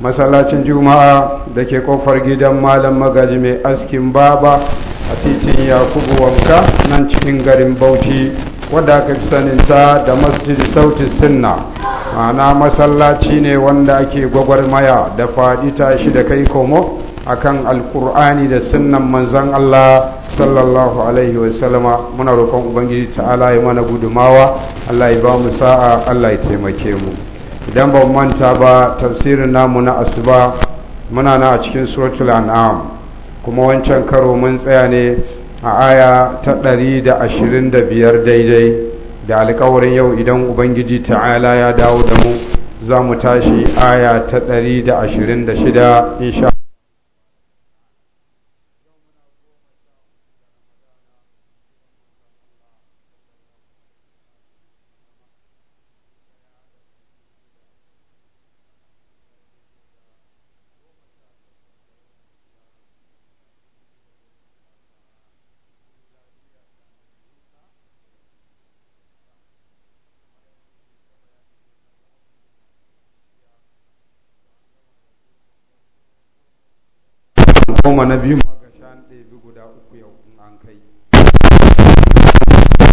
masallacin juma'a da ke kofar gidan malam magaji mai askin baba a titin yakubu wanka nan cikin garin bauchi wadda aka fi saninta da masjid sauti sinna ma'ana masallaci ne wanda ake gwagwarmaya da faɗi tashi da kai komo a kan alkur'ani da sunnan manzan Allah sallallahu alaihi wasallama muna roƙon ubangiji ta'ala ya mana gudumawa Allah ya ba mu sa'a Allah ya taimake mu idan ba manta ba tafsirin namu na asuba muna na a cikin suratul an'am kuma wancan karo mun tsaya ne a aya ta ɗari da ashirin da biyar daidai da alkawarin yau idan ubangiji ta'ala ya dawo da mu za mu tashi aya ta ɗari da ashirin da shida sha.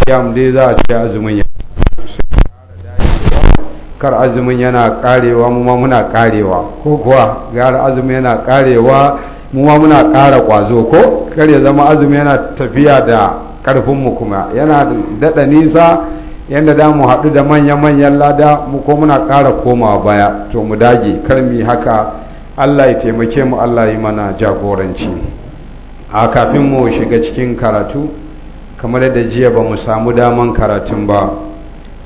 siyam dai za a ce azumin ya kar azumin yana karewa mu ma muna karewa ko kuwa gara azumin yana karewa mu ma muna kara kwazo ko kar ya zama azumin yana tafiya da karfin mu kuma yana dada nisa yanda da mu haɗu da manya-manyan lada mu ko muna kara koma baya to mu dage kar mu haka Allah ya taimake mu Allah yi mana jagoranci a kafin mu shiga cikin karatu kamar yadda jiya ba mu samu daman karatun ba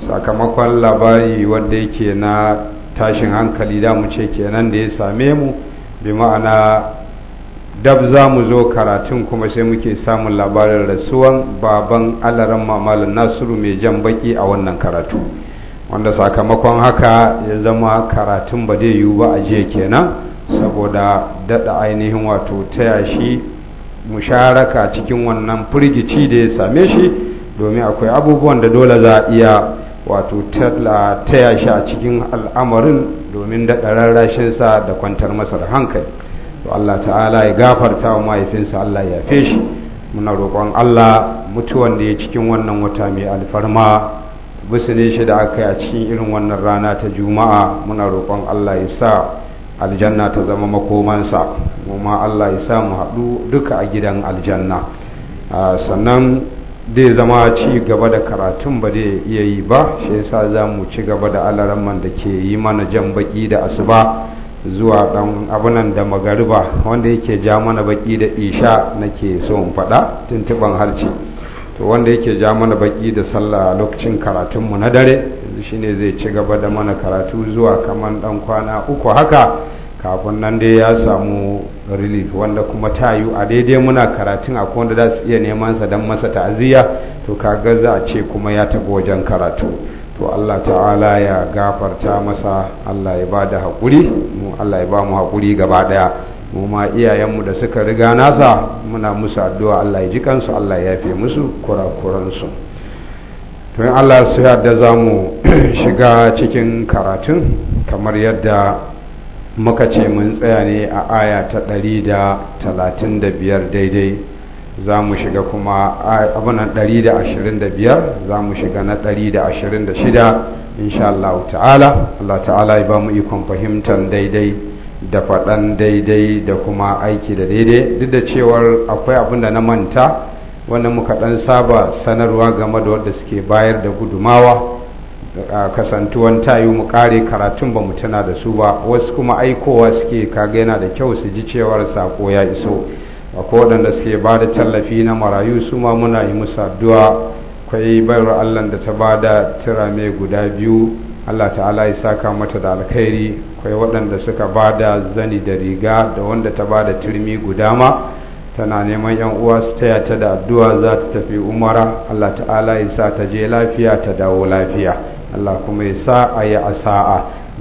sakamakon labari wanda yake na tashin hankali da mu ce kenan da ya same mu bi ma'ana dab za mu zo karatun kuma sai muke samun labarin rasuwan baban alaran mamalin nasiru mai jan baki a wannan karatu wanda sakamakon haka ya zama karatun ba zai yiwu ba a jiya kenan saboda daɗa ainihin wato ta yashi. musharaka cikin wannan firgici da ya same shi domin akwai abubuwan da dole za a iya wato taya shi a cikin al'amarin domin daɗa rarrashinsa da kwantar masa da hankali to Allah ta'ala ya gafarta wa mahaifinsa Allah ya fi shi muna roƙon Allah mutuwan da ya cikin wannan wata mai alfarma bisu ne shi da aka yi a cikin irin wannan rana ta juma'a muna roƙon Allah ya sa aljanna ta zama makomansa kuma Allah ya mu haɗu duka a gidan aljanna sannan dai zama ci gaba da karatun ba zai iya yi ba shi yasa za mu ci gaba da alaramman da ke yi mana jan baki da asuba zuwa ɗan abunan da magariba wanda yake ja mana baki da isha nake so in faɗa tuntuɓan harci to wanda yake ja mana baki da sallah a lokacin karatunmu na dare shine zai ci gaba da mana karatu zuwa kaman dan kwana uku haka kafin nan dai ya samu relief wanda kuma ta yi a daidai muna karatun a wanda za su iya neman sa don masa ta'aziyya to ka za a ce kuma ya taɓa wajen karatu to Allah ta'ala ya gafarta masa Allah ya ba da haƙuri mu Allah ya ba mu haƙuri gaba ɗaya mu ma iyayenmu da suka riga nasa muna musu addu'a Allah ya ji kansu Allah ya yafe musu kurakuransu to in Allah su yarda za mu shiga cikin karatun kamar yadda muka ce mun tsaya ne a aya ta ɗari da talatin da biyar daidai za mu shiga kuma abunan ɗari za mu shiga na ɗari da insha Allah ta'ala Allah ta'ala ya ba mu ikon fahimtar daidai da faɗan daidai da kuma aiki da daidai duk da cewar akwai abin da na manta wanda muka ɗan saba sanarwa game da wadda suke bayar da gudumawa kasantuwan tayu mu kare karatun ba mu tana da su ba wasu kuma aikowa suke kaga yana da kyau su ji cewar sako ya iso akwai waɗanda suke ba da tallafi na marayu su ma muna yi musu addu'a akwai bayar allah da ta ba da tirame guda biyu allah ta'ala ya saka mata da alkhairi akwai waɗanda suka ba da zani da riga da wanda ta ba da turmi guda ma tana neman yan uwa su taya ta da addu'a za ta tafi umara allah ta'ala ya sa ta je lafiya ta dawo lafiya Allah kuma ya sa a yi a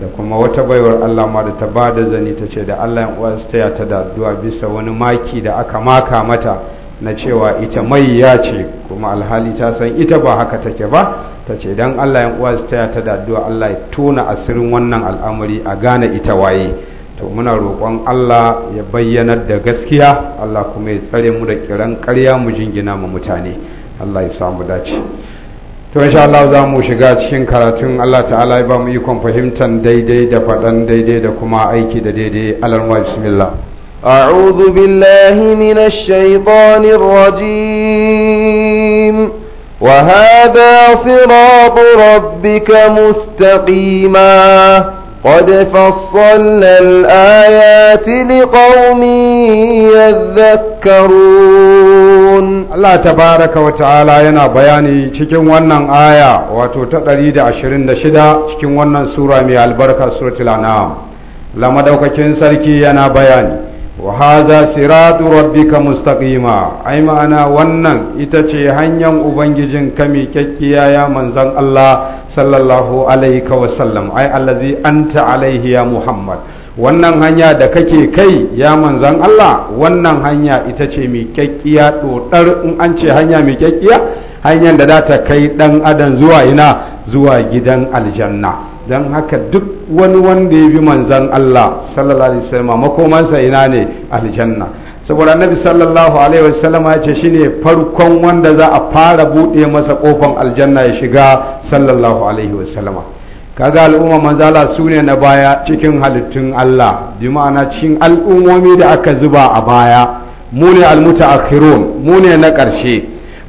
da kuma wata baiwar Allah ma da ta ba da zani ta ce da Allah ya uwa su taya ta da addu'a bisa wani maki da aka maka mata na cewa ita mai ya ce kuma alhali ta san ita ba haka take ba ta ce don Allah ya uwa su taya ta da addu'a Allah ya tona asirin wannan al'amari a gane ita waye to muna roƙon Allah ya bayyanar da gaskiya Allah kuma ya tsare mu da kiran ƙarya mu jingina mu mutane Allah ya samu dace to insha Allah za mu shiga cikin karatun Allah ta'ala ya ba mu ikon fahimtar daidai da faɗan daidai da kuma aiki da daidai alarma bismillah أعوذ بالله من الشيطان الرجيم وهذا صراط ربك مستقيماً قد فصلنا الآيات لقوم يذكرون الله تبارك وتعالى ينا بياني cikin wannan aya wato ta 126 cikin wannan sura mai albarka suratul anam lama daukakin sarki yana bayani wa hadha siratu rabbika mustaqima ai ma'ana wannan ita ce hanyar ubangijin kami kyakkiya ya manzon Allah sallallahu alaihi wa sallam ai allazi anta alaihi ya muhammad wannan hanya da kake kai ya manzan Allah wannan hanya ita ce mai kyakkiya dodar in an ce hanya mai kyakkiya hanyar da za ta kai dan adam zuwa ina zuwa gidan aljanna don haka duk wani wanda ya bi manzan Allah sallallahu alaihi wasallam makomansa ina ne aljanna saboda annabi sallallahu alaihi wasallam ya ce shine farkon wanda za a fara bude masa kofan aljanna ya shiga sallallahu alaihi wasallam kaga al'umma manzala su ne na baya cikin halittun Allah bi ma'ana cikin al'ummomi da aka zuba a baya mu ne almutaakhirun mu ne na karshe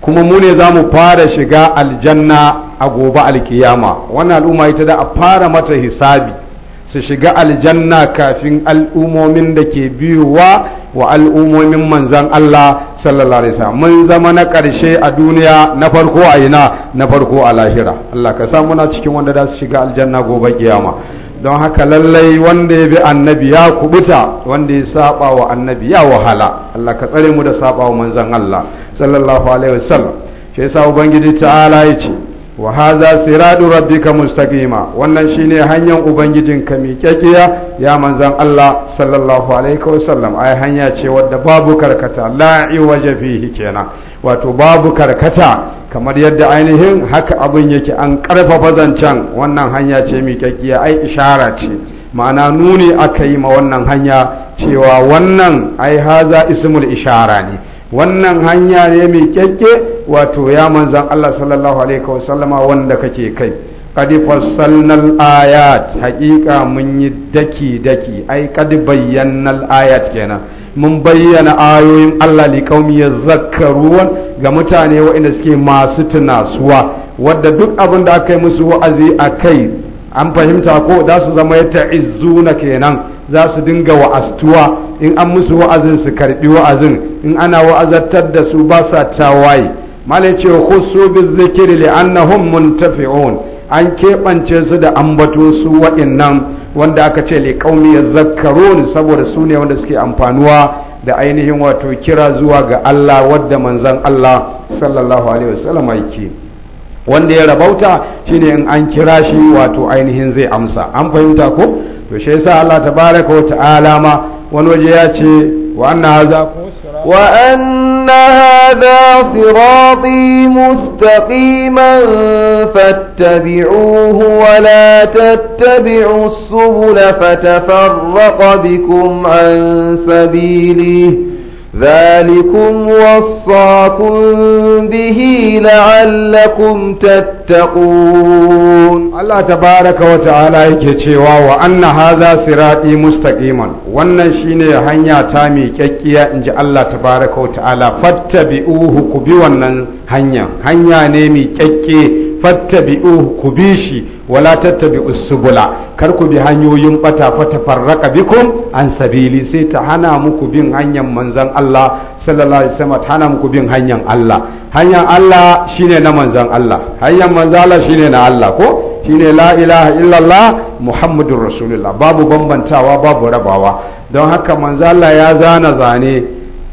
kuma mu ne za fara shiga aljanna a gobe alkiyama wannan al'umma ita da a fara mata hisabi su shiga aljanna kafin al'umomin da ke biyowa wa al'umomin manzan Allah sallallahu alaihi wasallam mun zama na ƙarshe a duniya na farko a ina na farko a lahira Allah ka samu muna cikin wanda za su shiga aljanna gobe kiyama don haka lallai wanda ya bi annabi ya kubuta wanda ya saba wa annabi ya wahala Allah ka tsare mu da saba wa manzan Allah sallallahu alaihi wasallam shi yasa ubangiji ta'ala ya ce wa haza siradu rabbika mustaqima wannan shine hanyar ubangijinka miƙaƙiya ya manzan Allah sallallahu alaihi wasallam ai hanya ce wadda babu karkata la iwaje fihi kenan wato babu karkata kamar yadda ainihin haka abin yake an karfafa zancen wannan hanya ce miƙaƙiya ai ishara ce ma'ana nuni aka yi ma wannan hanya cewa wannan ai haza ismul ishara ne wannan hanya ne mai kyakke wato ya manzan Allah sallallahu alaihi wasallama wanda kake kai qad fassalna ayat haqiqa mun yi daki daki ai qad bayyana ayat kenan mun bayyana ayoyin Allah li qaumi yazakkaruwan ga mutane waɗanda suke masu tunasuwa wadda duk abin da aka yi musu wa'azi a kai an fahimta ko za su zama ya kenan za su dinga wa'astuwa in an musu wa'azin su karbi wa'azin in ana wa'azartar da su ba sa tawaye malai ce bi zikiri li annahum muntafi'un an keɓance su da ambato su waɗannan wanda aka ce li qaumi yazakkarun saboda su ne wanda suke amfanuwa da ainihin wato kira zuwa ga Allah wadda manzon Allah sallallahu alaihi wasallam yake wanda ya rabauta shine in an kira shi wato ainihin zai amsa an fahimta ko to shi yasa Allah tabaraka wa ta'ala ma wani وأن هذا وأن هذا صراطي مستقيما فاتبعوه ولا تتبعوا السبل فتفرق بكم عن سبيله ذلكم وصاكم به لعلكم تتقون الله تبارك وتعالى yake cewa wa anna hadha sirati mustaqiman wannan shine hanya ta mai kyakkiya inji Allah tabaraka wataala fattabi'uhu ku bi wannan hanya hanya ne mai kyakke fattabi'uhu ku bi shi wala tattabi subula kar ku bi hanyoyin bata fa tafarraqa bikum an sabili sai ta hana muku bin hanyar manzon Allah sallallahu alaihi wasallam ta hana muku bin hanyar Allah hanyar Allah shine na manzon Allah hanyar manzon Allah shine na Allah ko shine la ilaha illallah muhammadur rasulullah babu bambantawa babu rabawa don haka manzon Allah ya zana zane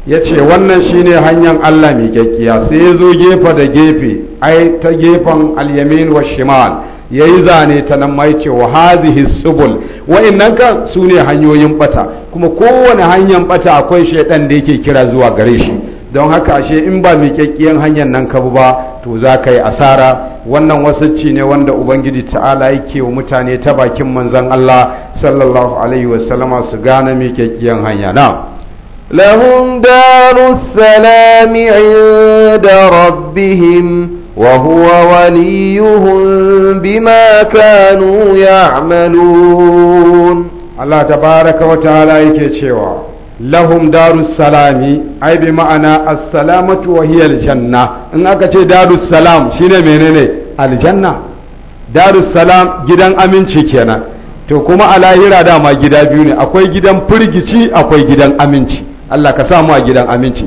ya ce wannan shine hanyar Allah mai kyakkiya sai ya zo gefe da gefe ai ta gefen alyamin wa shimal ya yi zane ta nan maice wa hazihi subul wa'annan kan su ne hanyoyin bata kuma kowane hanyar bata akwai shaidan da yake kira zuwa gare shi don haka ashe in ba mai miƙaƙƙiyar hanyar nan ka ba to za ka yi asara wannan wasacci ne wanda ubangiji ta'ala yake wa mutane ta bakin manzon Allah sallallahu alaihi wasallama su gane mai miƙaƙƙiyar hanya na lahum darus salami inda rabbihim وهو وليهم بما كانوا يعملون الله تبارك وتعالى يكيشوا lahum darus salami ai bi ma'ana assalamatu wa hiya aljanna in aka ce darus salam shine menene aljanna darus salam gidan aminci kenan to kuma a lahira dama gida biyu ne akwai gidan firgici akwai gidan aminci Allah ka samu a gidan aminci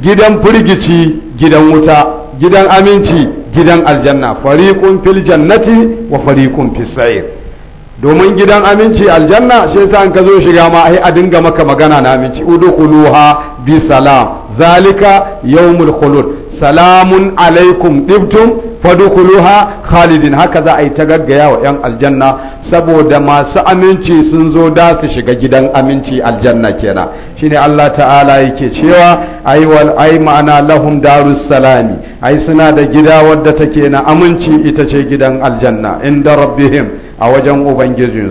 gidan firgici gidan wuta gidan aminci gidan aljanna fariqun fil jannati wa fariqun fis sa'ir domin gidan aminci aljanna shi yasa an ka zo shiga ma ai a dinga maka magana na aminci udkhuluha bi salam zalika yawmul khulud salamun alaikum ɗibtum fadukuluha khalidin haka za a yi ta gaggaya wa 'yan aljanna saboda masu aminci sun zo da su shiga gidan aminci aljanna kenan shine Allah ta'ala yake cewa ai wal ai ma'ana lahum darus salami ai suna da gida wadda take na aminci ita ce gidan aljanna inda rabbihim a wajen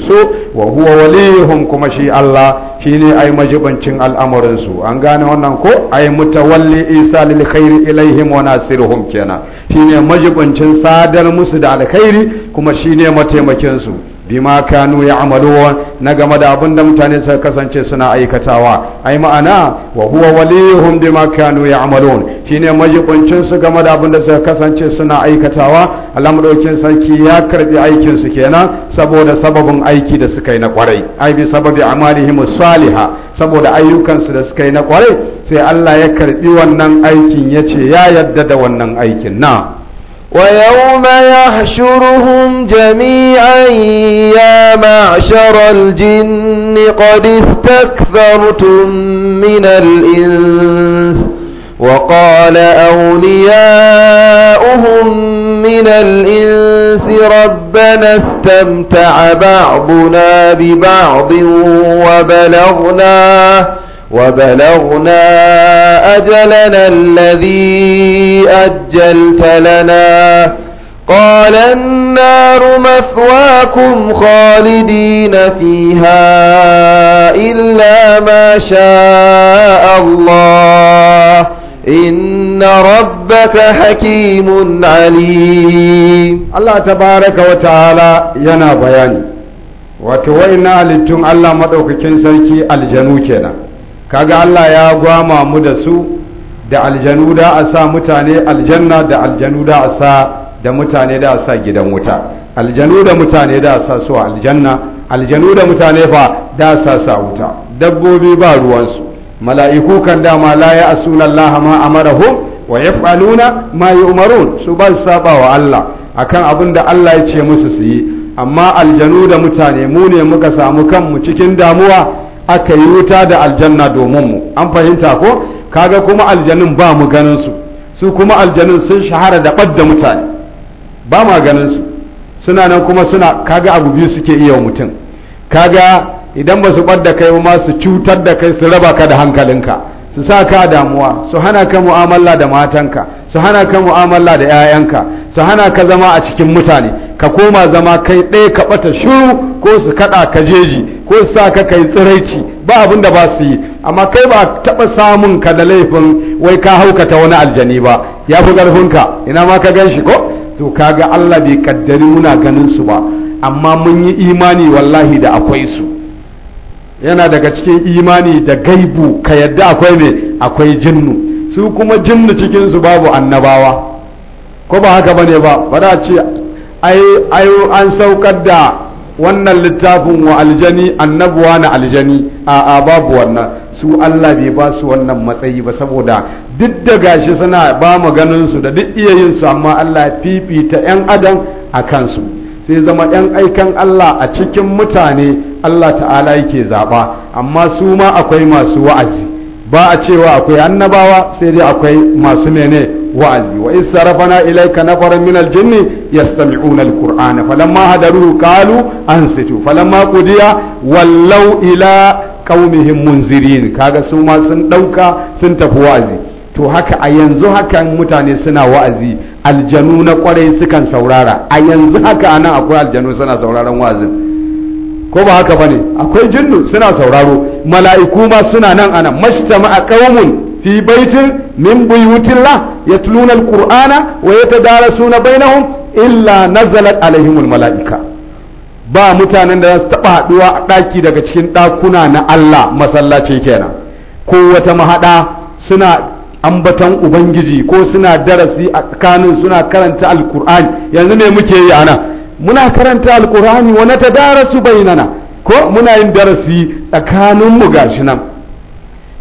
su wa huwa waliyuhum kuma shi Allah shine ai majibancin al'amarin su an gane wannan ko ai mutawalli isa lil khairi ilaihim wa nasiruhum kenan shine majibancin sadar musu da alkhairi kuma shine mataimakin su bima kanu ya'malun na game da abin da mutane suka kasance suna aikatawa ai ma'ana wa huwa walihum bima kanu amalu shine majibincin su game da abin da suka kasance suna aikatawa Allah madaukin sarki ya karbi aikin su kenan saboda sababin aiki da suka yi na kwarai ai bi sababi amalihim salihah saboda ayyukan su da suka yi na kwarai sai Allah ya karbi wannan aikin yace ya yadda da wannan aikin na ويوم يحشرهم جميعا يا معشر الجن قد استكثرتم من الإنس وقال أولياؤهم من الإنس ربنا استمتع بعضنا ببعض وبلغنا وبلغنا أجلنا الذي أجلت لنا قال النار مثواكم خالدين فيها إلا ما شاء الله إن ربك حكيم عليم الله تبارك وتعالى ينا بياني وتوينا لتم الله مدوك كنسلك الجنوكينا kaga Allah ya gwama mu da su da aljanu da a sa mutane aljanna da aljanu da a sa da mutane da a sa gidan wuta aljanu da mutane da a sa su aljanna aljanu da mutane fa da a sa sa wuta dabbobi ba ruwansu mala'iku kan dama la ya asuna Allah ma amarahum wa yaf'aluna ma yu'marun su ba saba wa Allah akan abin da Allah ya ce musu su yi amma aljanu da mutane mu ne muka samu kanmu cikin damuwa aka yi wuta da aljanna domin mu an fahimta ko kaga kuma aljanin ba mu ganin su su kuma aljanin sun shahara da ɓadda mutane ba ma ganin su suna nan kuma suna kaga abu biyu suke iya mutum kaga idan ba su ɓadda kai ba su cutar da kai su raba ka da hankalinka su sa ka damuwa su hana ka mu'amala da matanka su hana ka mu'amala da 'ya'yanka su hana ka zama a cikin mutane ka koma zama kai ɗaya ka ɓata shiru ko su kaɗa ka jeji ko su sa ka kai tsiraici ba abin da ba su yi amma kai ba taɓa samun ka da laifin wai ka haukata wani aljani ba ya fi ƙarfinka ina ma ka gan shi ko to kaga Allah bai kaddari muna ganin su ba amma mun yi imani wallahi da akwai su yana daga cikin imani da gaibu ka yadda akwai me akwai jinnu su kuma jinnu cikinsu babu annabawa ko ba haka bane ba ba za a ce ai an saukar da wannan littafin wa aljani annabuwa na aljani a a babu wannan su Allah bai ba su wannan matsayi ba saboda duk da gashi suna ba ganin su da duk iya yin su amma Allah ya fifita yan adam a kansu sai zama yan aikan Allah a cikin mutane Allah ta'ala yake zaba amma su ma akwai masu wa'azi ba a cewa akwai annabawa sai dai akwai masu mene wa'azi wa in sarafana ilayka nafaran min aljinni yastami'una alqur'ana falamma hadaruhu qalu ansitu falamma qudiya wallau ila qaumihim munzirin kaga su ma sun dauka sun tafi wa'azi to haka a yanzu hakan mutane suna wa'azi aljanu na kwarai sukan saurara a yanzu haka anan akwai aljanu suna sauraron wa'azin ko ba haka bane akwai jinnu suna sauraro mala'iku ma suna nan anan mashtama'a qaumun fi baitin min buyutillah yatluna alqur'ana wa yatadarasuna bainahum illa nazalat alaihimul mala'ika ba mutanen da za su taba haduwa a daki daga cikin dakuna na Allah masallaci kenan ko wata mahada suna ambatan ubangiji ko suna darasi a tsakanin suna karanta alqur'ani yanzu ne muke yi anan muna karanta alkur'ani wa natadarasu bainana ko muna yin darasi tsakanin mu gashi nan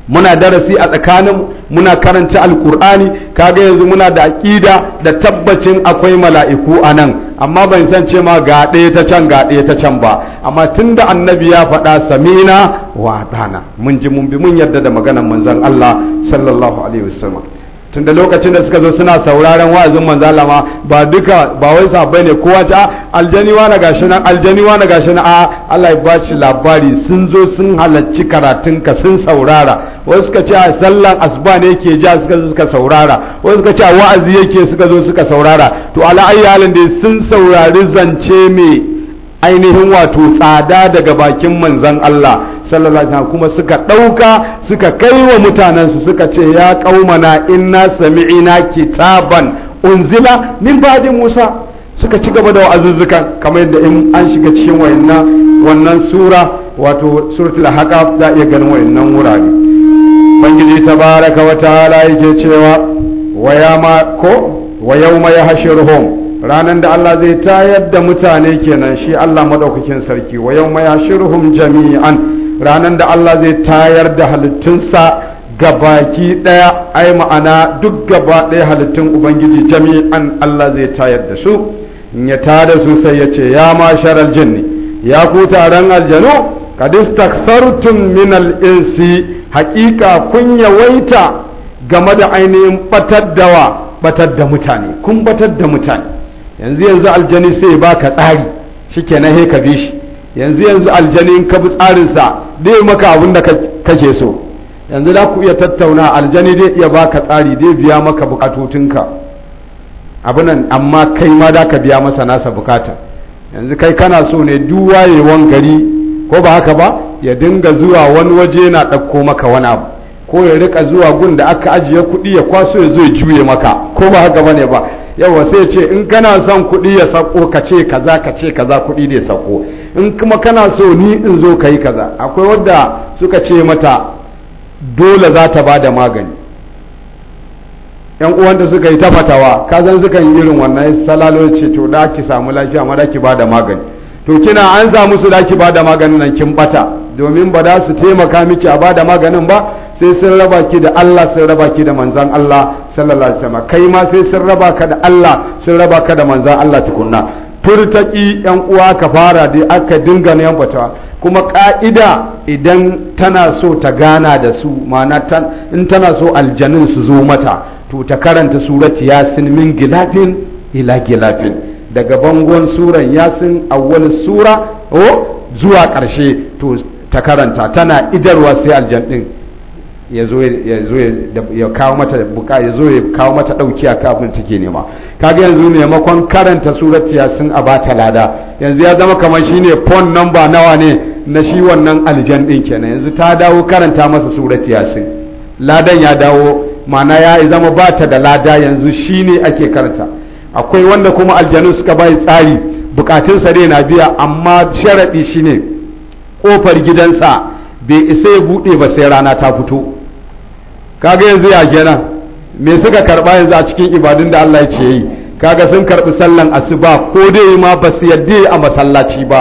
muna darasi a tsakanin muna karanta alkur'ani kaga yanzu muna da aqida da tabbacin akwai mala'iku a nan amma ban san ce ma ga ɗaya ta can ga ɗaya ta can ba amma tun da annabi ya faɗa samina wa ɗana mun ji mun bi mun yarda da maganar manzon Allah sallallahu alaihi wasallam tunda lokacin da suka zo suna sauraron wa'azin manzala ma ba duka ba wai sabai ne kowa ta ah, aljani wa na gashi nan aljani wa na gashi nan a ah, Allah ya bashi labari sun zo sun halarci karatun ka sun saurara wasu suka ce ah, sallan asuba ne yake ja suka zo suka saurara wasu suka ce wa'azi yake suka zo suka saurara to ala ayi da sun saurari zance mai ainihin wato tsada daga bakin manzon Allah sallallahu alaihi kuma suka ɗauka suka kai wa mutanensu suka ce ya na inna sami'ina kitaban unzila min ba'di musa suka ci gaba da wa'azuzzukan kamar yadda in an shiga cikin wayannan wannan sura wato suratul haqaf za iya ganin wayannan wurare bangiji tabaraka wa ta'ala yake cewa wayama ko wa yawma yahshuruhum ranar da Allah zai tayar da mutane kenan shi Allah madaukakin sarki wa yawma yahshuruhum jami'an ranar da Allah zai tayar da halittunsa ga baki ɗaya ai ma'ana duk gaba ɗaya halittun ubangiji jami'an Allah zai tayar da su in ya tada su sai ya ce ya ma sharar jinni ya ku taron aljanu kad istakthartum min insi haƙiƙa kun yawaita game da ainihin batar dawa batar da mutane kun batar da mutane yanzu yanzu aljani sai ba ka tsari shi shikenan he ka bi shi yanzu yanzu aljanin ka bi tsarinsa dai maka abin da kake so yanzu za ku iya tattauna aljani dai iya baka tsari dai biya maka bukatotinka abinan amma kai ma da ka biya masa nasa bukata yanzu kai kana so ne duk wayewan gari ko ba haka ba ya dinga zuwa wani waje na ɗauko maka wani abu ko ya rika zuwa gun da aka ajiye kuɗi ya kwaso ya zo ya juye maka ko ba haka ba ne ba yawa sai ce in kana son kuɗi ya sako ka ce kaza ka ce kaza kuɗi ne sauko. in kuma kana so ni in zo ka yi kaza akwai wadda suka ce mata dole za ta ba da magani yan uwanta suka yi tafatawa kazan suka yi irin wannan salalo ce to da ki samu lafiya ma da ki ba da magani to kina an za su da ki ba da maganin nan kin bata domin ba da su taimaka miki a ba da maganin ba sai sun raba ki da Allah sun raba ki da manzan Allah sallallahu alaihi wasallam kai ma sai sun raba ka da Allah sun raba ka da manzan Allah tukunna furtaki yan uwa ka fara da aka dinga yan yambata kuma ka'ida idan tana so ta gana da su ma'ana in tana so aljanin su zo mata to ta karanta surat yasin min gilafin ila gilafin daga bangon suran yasin awwal sura o oh, zuwa karshe to ta karanta tana idarwa sai aljan ya zo ya kawo mata buka dauki a kafin take nema kaga yanzu ne makon karanta surat yasin a bata lada yanzu ya zama kamar shine phone number nawa ne na shi wannan aljan din kenan yanzu ta dawo karanta masa surat yasin ladan ya dawo mana ya zama bata da lada yanzu shine ake karanta akwai wanda kuma aljanu suka bai tsari bukatunsa ne na biya amma sharadi shine kofar gidansa bai isa ya buɗe ba sai rana ta fito kaga yanzu ya kenan me suka karɓa yanzu a cikin ibadun da Allah ya ce yi kaga sun karbi sallan asuba ko dai ma ba su yadda a masallaci ba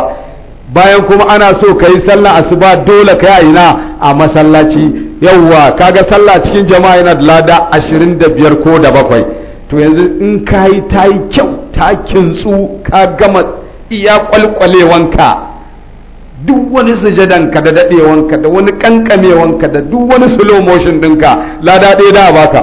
bayan kuma ana so ka yi sallan asuba dole ka yi ina a masallaci yauwa kaga sallah cikin jama'a yana da lada ashirin da biyar ko da bakwai to yanzu in ka yi ta yi kyau ta kintsu ka gama iya kwalkwalewanka duk wani sujadan ka da dadewan ka da wani kankamewan ka da duk wani slow motion dinka lada ɗaya da baka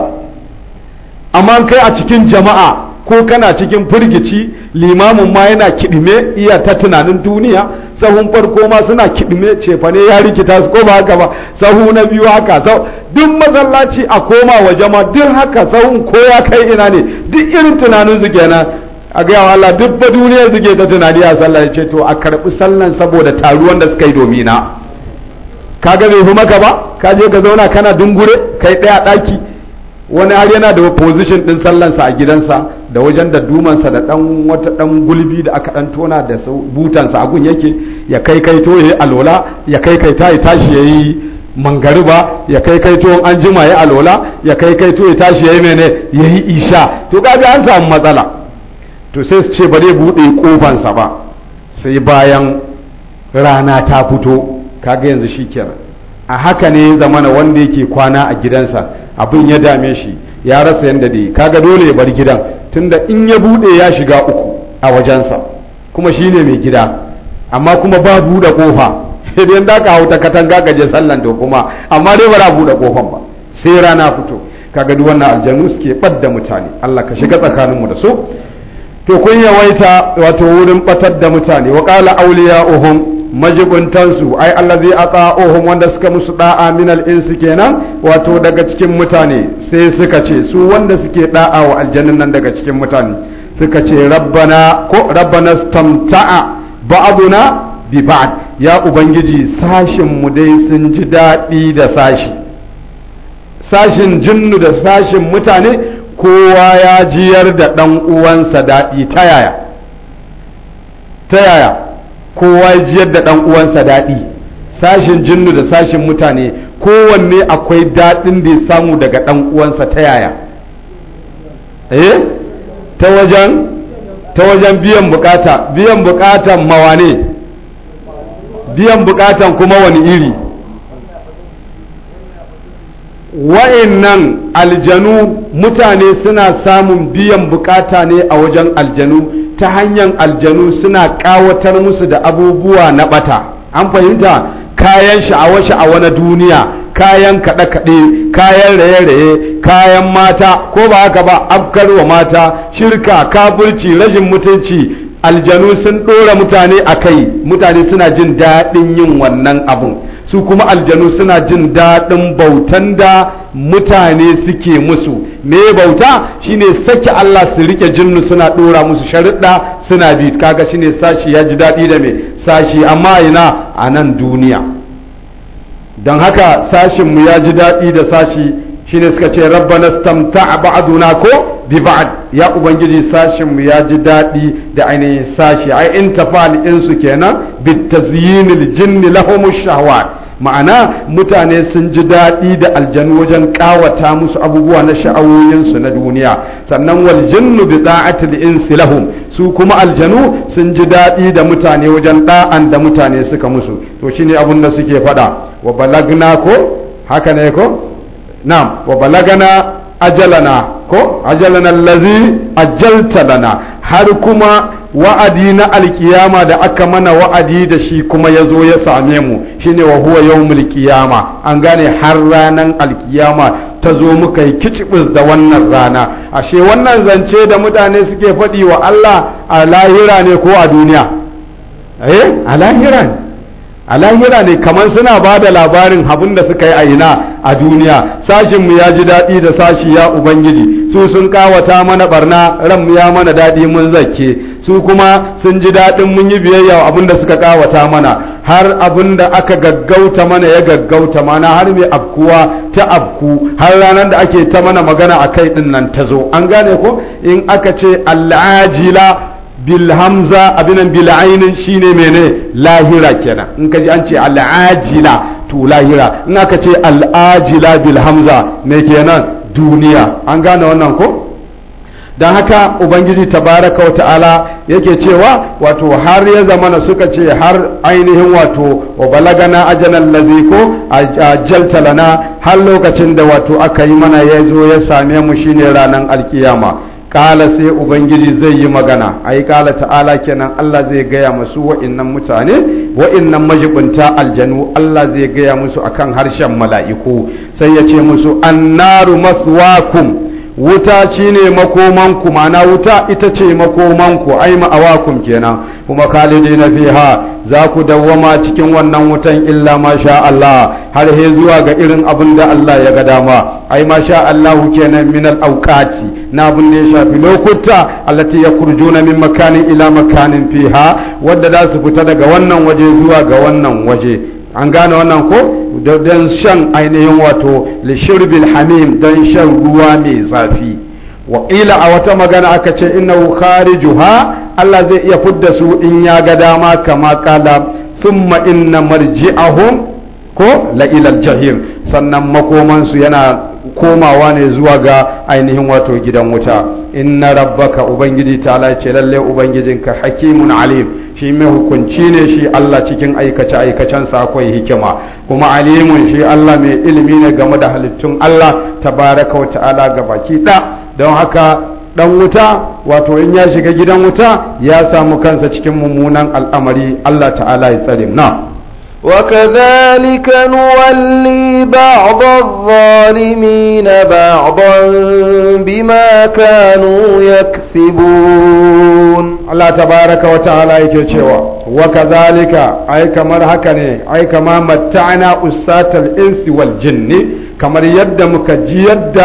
amma kai a cikin jama'a ko kana cikin firgici limamin ma yana kidime iya ta tunanin duniya sahun farko ma suna kidime cefane ya rikita su ko ba haka ba sahu na biyu haka duk masallaci a koma wa jama'a duk haka sahun ko ya kai ina ne duk irin tunanin su kenan a gaya wa Allah duk ba duniya suke ta tunani a sallah ya ce to a karɓi sallan saboda taruwan da suka yi domina ka ga bai maka ba ka je ka zauna kana dungure kai ɗaya ɗaki wani har yana da position ɗin sallansa a gidansa da wajen da dumansa da ɗan wata ɗan gulbi da aka ɗan tona da butansa a gun yake ya kai kai to ya alola ya kai kai ta ya tashi ya yi mangariba ya kai kai to an jima ya alola ya kai kai to ya tashi ya yi mene ya yi isha to ga an samu matsala to sai su ce ba zai buɗe ƙofansa ba sai bayan rana ta fito kaga yanzu shi kenan a haka ne zamana wanda yake kwana a gidansa abin ya dame shi ya rasa yanda da kaga dole ya bar gidan tunda in ya buɗe ya shiga uku a wajensa kuma shi ne mai gida amma kuma ba buɗe ƙofa idan da ka hau ta katanga ka je sallan to kuma amma dai ba za buɗe ƙofan ba sai rana fito kaga duk wannan aljanu suke ɓadda mutane Allah ka shiga tsakaninmu da su to kun yawaita wato wurin batar da mutane wa uhum majibuntan su ai allazi uhum wanda suka musu da'a min al-insi kenan wato daga cikin mutane sai suka ce su wanda suke da'a wa aljannan nan daga cikin mutane suka ce rabbana ko rabbana stamta'a ba'duna bi ba'd ya ubangiji sashin mu dai sun ji dadi da sashi sashin jinnu da sashin mutane kowa ya jiyar da ɗan uwansa daɗi ta yaya ta yaya kowa ya jiyar da ɗan uwansa daɗi sashin jinnu da sashin mutane kowanne akwai daɗin da ya samu daga ɗan uwansa ta yaya eh ta wajen ta wajen biyan bukata biyan bukatan mawane biyan bukatan kuma wani iri wa'in nan aljanu mutane suna samun biyan bukata ne a wajen aljanu ta hanyar aljanu suna kawatar musu da abubuwa na bata an fahimta kayan sha'awa-sha'awa na duniya kayan kaɗe-kaɗe kayan raye-raye kayan mata ko ba haka ba afkarwa mata shirka kafirci rashin mutunci aljanu sun ɗora mutane a kai mutane suna jin daɗin yin wannan abun su kuma aljanu suna jin daɗin bautan da mutane suke musu me bauta shine saki Allah su rike jinnu suna dora musu sharidda suna bi kaga shine sashi ya ji daɗi da me sashi amma ina a nan duniya don haka sashin mu ya ji daɗi da sashi shine suka ce rabba rabbana a ba'duna ko bi ba'd ya ubangiji sashin mu ya ji daɗi da ainihin sashi ai in tafal insu kenan bitazyinil jinni lahumush shahawat ma'ana mutane sun ji daɗi da aljanu wajen ƙawata musu abubuwa na sha'awoyinsu na duniya sannan waljinnu jinnu bi da'atil insi lahum su kuma aljanu sun ji daɗi da mutane wajen ɗa'an da mutane suka musu to shine abun da suke faɗa wa balagna ko haka ne ko na'am wa balagana ajalana ko ajalana allazi ajalta har kuma wa'adi na alkiyama da aka mana wa'adi da shi kuma ya zo ya same mu shine wa huwa yau mulkiyama an gane har ranan alkiyama ta zo muka yi kicibis da wannan rana ashe wannan zance da mutane suke faɗi wa Allah a lahira ne ko a duniya eh a lahira ne a lahira ne kamar suna ba da labarin abin da suka yi a ina a duniya sashinmu ya ji daɗi da sashi ya ubangiji su sun kawata mana barna ranmu ya mana daɗi mun zake su kuma sun ji daɗin mun yi biyayya abin da suka kawata mana har abin da aka gaggauta mana ya gaggauta mana har mai abkuwa ta abku har ranar da ake ta mana magana a kai ɗin nan ta zo an gane ko in aka ce al'ajila bilhamza abinan bil'ainin shine mene lahira kenan in ka ji an ce al'ajila to lahira in aka ce al'ajila bilhamza me kenan duniya an gane wannan ko don haka ubangiji tabaraka wa ta'ala yake cewa wato har ya zamana suka ce har ainihin wato wa balagana ajalan lazi ko ajalta lana har lokacin da wato aka yi mana ya zo ya same mu shine ranar alkiyama kala sai ubangiji zai yi magana ai kala ta'ala kenan Allah zai gaya musu wa'innan mutane wa'innan majibunta aljanu Allah zai gaya musu akan harshen mala'iku sai ya ce musu annaru maswakum wuta shine makomanku mana wuta ita ce makomanku ai ma'awakum kenan kuma khalidina fiha za ku dawwama cikin wannan wutan illa ma sha Allah har he zuwa ga irin abin da Allah ya ga dama ai ma sha Allah kenan min al awqati na abin da ya shafi lokuta allati yakurjuna min makanin ila makanin fiha wanda za su fita daga wannan waje zuwa ga wannan waje an gane wannan ko don shan ainihin wato lishirbil hamim don shan ruwa mai zafi waƙila a wata magana aka ce ina juha Allah zai iya fudda su in ya ga dama kama kala marji inna marji'ahum ko la ilal sannan makomansu yana komawa ne zuwa ga ainihin wato gidan wuta inna rabbaka ubangiji ta'ala ce lalle ubangijinka hakimun alim shi mai hukunci ne shi Allah cikin aikace aikacensa akwai hikima kuma alimun shi Allah mai ilimi ne game da halittun Allah tabaraka wa ta'ala ga baki da don haka dan wuta wato in ya shiga gidan wuta ya samu kansa cikin mummunan al'amari Allah ta'ala ya tsare na وكذلك نولي بعض الظالمين بعضا بما كانوا يكسبون الله تبارك وتعالى يجيشوا وكذلك أي كما هكني أي كما متعنا أسات الإنس والجن كما يد مكجيد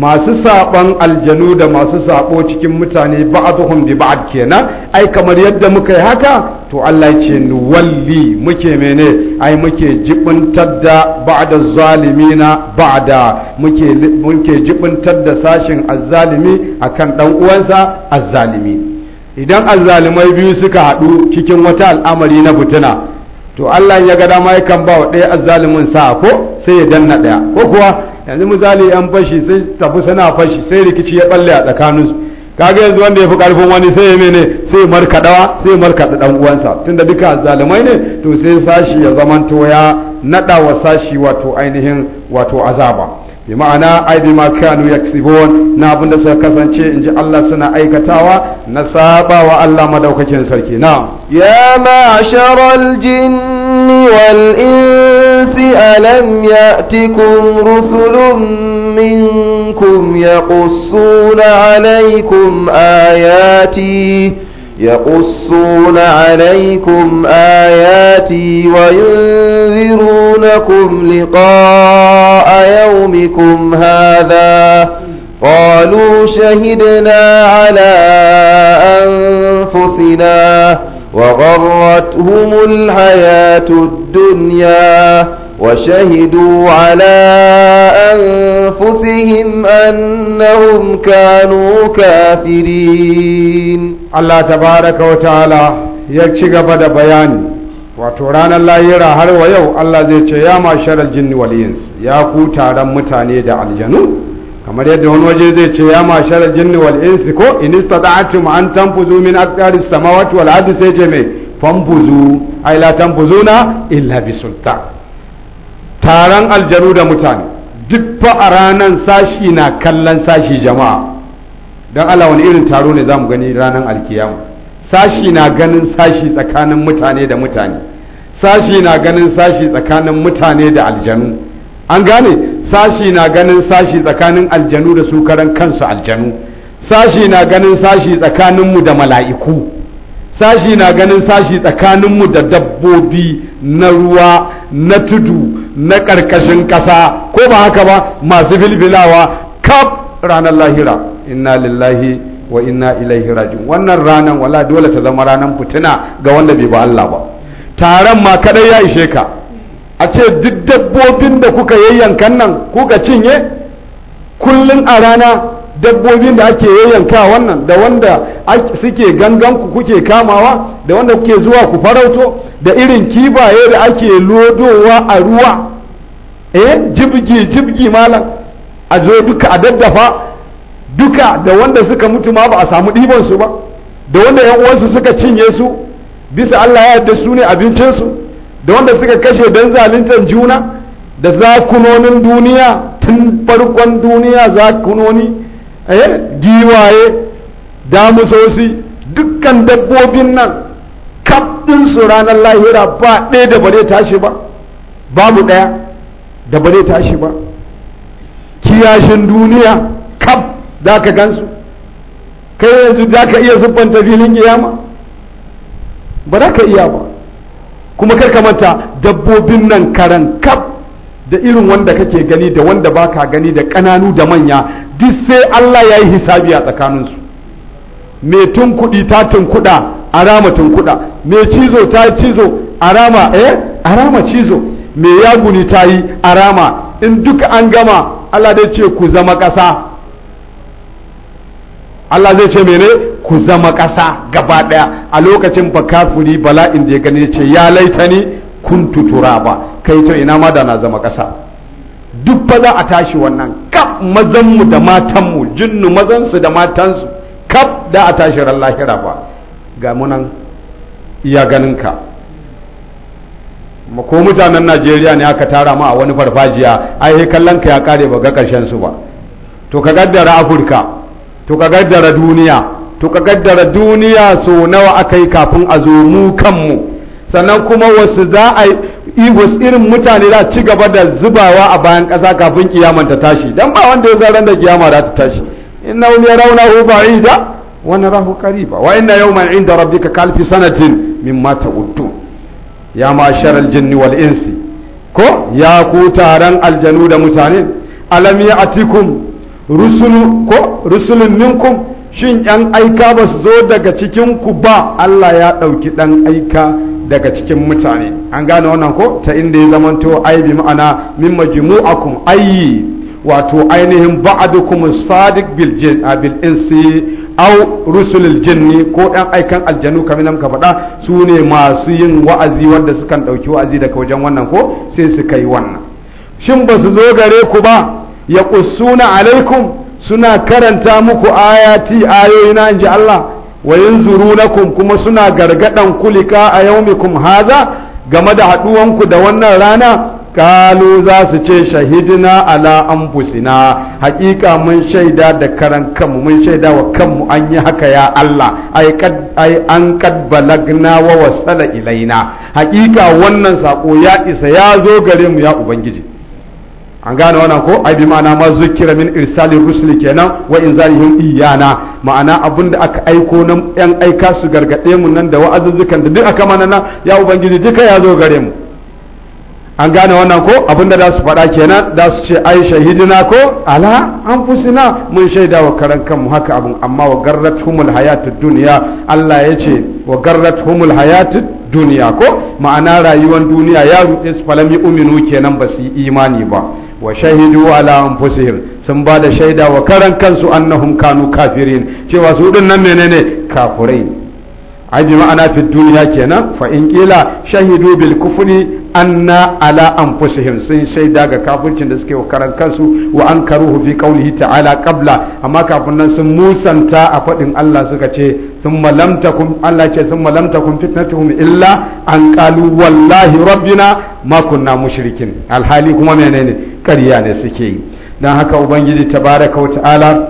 masu saɓan aljanu da masu saɓo cikin mutane ba'aduhum bi ba'ad kenan ai kamar yadda muka yi haka to Allah ce ni walli muke mene ai muke jibuntar da ba'da zalimina ba'da muke muke jibuntar da sashin azzalimi akan dan uwansa azzalimi idan azzalimai biyu suka haɗu cikin wata al'amari na butuna to Allah ya ga dama yakan ba wa ɗaya azzalimin sa ko sai ya danna ɗaya ko kuwa yanzu misali yan fashi sai tafi sana fashi sai rikici ya balle a tsakaninsu kaga yanzu wanda ya fi karfin wani sai ya mene sai sai markaɗa ɗan uwansa tunda duka zalimai ne to sai sashi ya zamanto ya naɗa wa sashi wato ainihin wato azaba bi ma'ana ai bi ma kanu yaksibun na abin da suka kasance in ji Allah suna aikatawa na saba wa Allah madaukakin sarki na ya ma'sharal jinni wal insi ألم يأتكم رسل منكم يقصون عليكم آياتي يقصون عليكم آياتي وينذرونكم لقاء يومكم هذا قالوا شهدنا على أنفسنا وغرتهم الحياة الدنيا وشهدوا على Allah Ta baraka wata الله تبارك وتعالى يكشف بدا بياني wato ranar lahira har wa yau Allah zai ce ya masharar jinni waliyins ya ku taron mutane da aljanu kamar yadda wani waje zai ce ya masharar jinni waliyins ko in istata'tum an tanfuzu min aqdari samawati wal ardi sai ce me fanfuzu ay la tanfuzuna illa bi sultan taron aljanu da mutane duk fa a ranar sashi na kallon sashi jama'a don Allah wani irin taro ne za mu gani ranar alkiyama sashi na ganin sashi tsakanin mutane da mutane sashi na ganin sashi tsakanin mutane da aljanu an gane sashi na ganin sashi tsakanin aljanu da su karan kansu aljanu sashi na ganin sashi tsakaninmu da mala'iku sashi na ganin sashi tsakaninmu da dabbobi na ruwa na tudu na ƙarƙashin ƙasa ko ba haka ba masu filfilawa kaf ranar lahira inna lillahi wa inna ilaihi raji'un wannan ranar wala dole ta zama ranar fitina ga wanda bai ba Allah ba taron ma kadai ya ishe ka a ce duk dabbobin da kuka yayyankan nan kuka cinye kullun a rana dabbobin da ake yayyanka wannan da wanda suke gangan ku kuke kamawa da wanda kuke zuwa ku farauto da irin kibaye da ake lodowa a ruwa eh jibgi jibgi malam a zo duka a daddafa duka da wanda suka mutu ma ba a samu ɗiban su ba da wanda yan uwansu suka cinye su bisa Allah ya yarda su ne abincin su da wanda suka kashe dan zaluntar juna da zakunonin duniya tun farkon duniya zakunoni Eh, giwaye damusosi dukkan dabbobin nan kaɗin su ranar lahira ba ɗaya da ba zai tashi ba babu ɗaya da ba zai tashi ba kiyashin duniya kaf za ka gansu kai yanzu za ka iya siffanta filin kiyama ba za ka iya ba kuma kar ka manta dabbobin nan karan kaf da irin wanda kake gani da wanda ba ka gani da ƙananu da manya duk sai Allah ya yi hisabi a tsakaninsu mai tun kuɗi ta tun kuɗa a rama tun kuɗa mai cizo ta cizo a rama eh a rama cizo mai yaguni ta yi a rama in duka an gama Allah dai ce ku zama ƙasa Allah zai ce mene ku zama ƙasa gaba ɗaya a lokacin bakafuri bala'in da ya gani ce ya kun kuntu ba. kai to ina ma da na zama ƙasa duk fa za a tashi wannan kaf mazanmu da matanmu jinnu mazansu da matansu kaf da a tashi ran lahira ba ga munan iya ganinka ko mutanen najeriya ne aka tara ma a wani farfajiya ai kallon ka ya kare ba ga ƙarshen su ba to ka gaddara afirka to ka gaddara duniya to ka gaddara duniya so nawa aka yi kafin a zo mu kanmu sannan kuma wasu za a igos irin mutane za ci gaba da zubawa a bayan ƙasa kafin kiyaman ta tashi dan ba wanda ya zaran da kiyama za ta tashi inna hum yarawnahu ba'ida wa narahu qariba wa inna yawman 'inda rabbika kalfi sanatin mimma ta'uddu ya ma'sharal jinni wal insi ko ya ku taron aljanu da mutane alam ya'tikum rusulu ko rusulun minkum shin yan aika ba su zo daga cikin ku ba Allah ya ɗauki ɗan aika daga cikin mutane an gane wannan ko ta inda ya zamanto ai bi ma'ana min majmu'akum ayyi wato ainihin ba'dukum sadiq bil jin bil insi aw rusulul jinni ko ɗan aikan aljanu kamin nan ka faɗa su ne masu yin wa'azi wanda sukan ɗauki wa'azi daga wajen wannan ko sai su kai wannan shin ba su zo gare ku ba ya qussuna alaikum suna karanta muku ayati ayoyi, na inji Allah wa yanzurunakum kuma suna gargadan kulika a yaumikum haza game da haɗuwanku da wannan rana kalu za su ce shahidina ala anfusina haƙiƙa mun shaida da karan kanmu mun shaida wa kanmu an yi haka ya Allah ai an kad balagna wa wasala ilaina haƙiƙa wannan saƙo ya isa ya zo gare mu ya ubangiji an gane wannan ko ai bi ma'ana ma zukira min irsalir rusuli kenan wa inzalihim iyana ma'ana abinda aka aiko nan yan aika su gargade mu nan da wa'azuzzukan da duk aka mana nan ya ubangiji duka ya zo gare mu an gane wannan ko abinda da za su faɗa kenan za su ce ai shahidina ko ala an fusina mun shaida wa karan kanmu haka abin amma wa garrat humul hayatud duniya Allah ya ce wa garrat humul hayatud duniya ko ma'ana rayuwar duniya ya rufe su falami uminu kenan ba su yi imani ba wa shahidu ala anfusihim sun ba da shaida wa karan kansu annahum kanu kafirin cewa su din nan menene kafirai ajma ana fi duniya kenan fa in shahidu bil kufuni anna ala anfusihim sun shaida ga kafircin da suke wa karan kansu wa ankaruhu fi qawlihi ta'ala qabla amma kafin nan sun musanta a fadin Allah suka ce thumma lam takum Allah ce thumma lam takum fitnatuhum illa an qalu wallahi rabbina ma kunna mushrikin alhali kuma menene ƙarya ne suke yi don haka ubangiji tabaraka wa ta'ala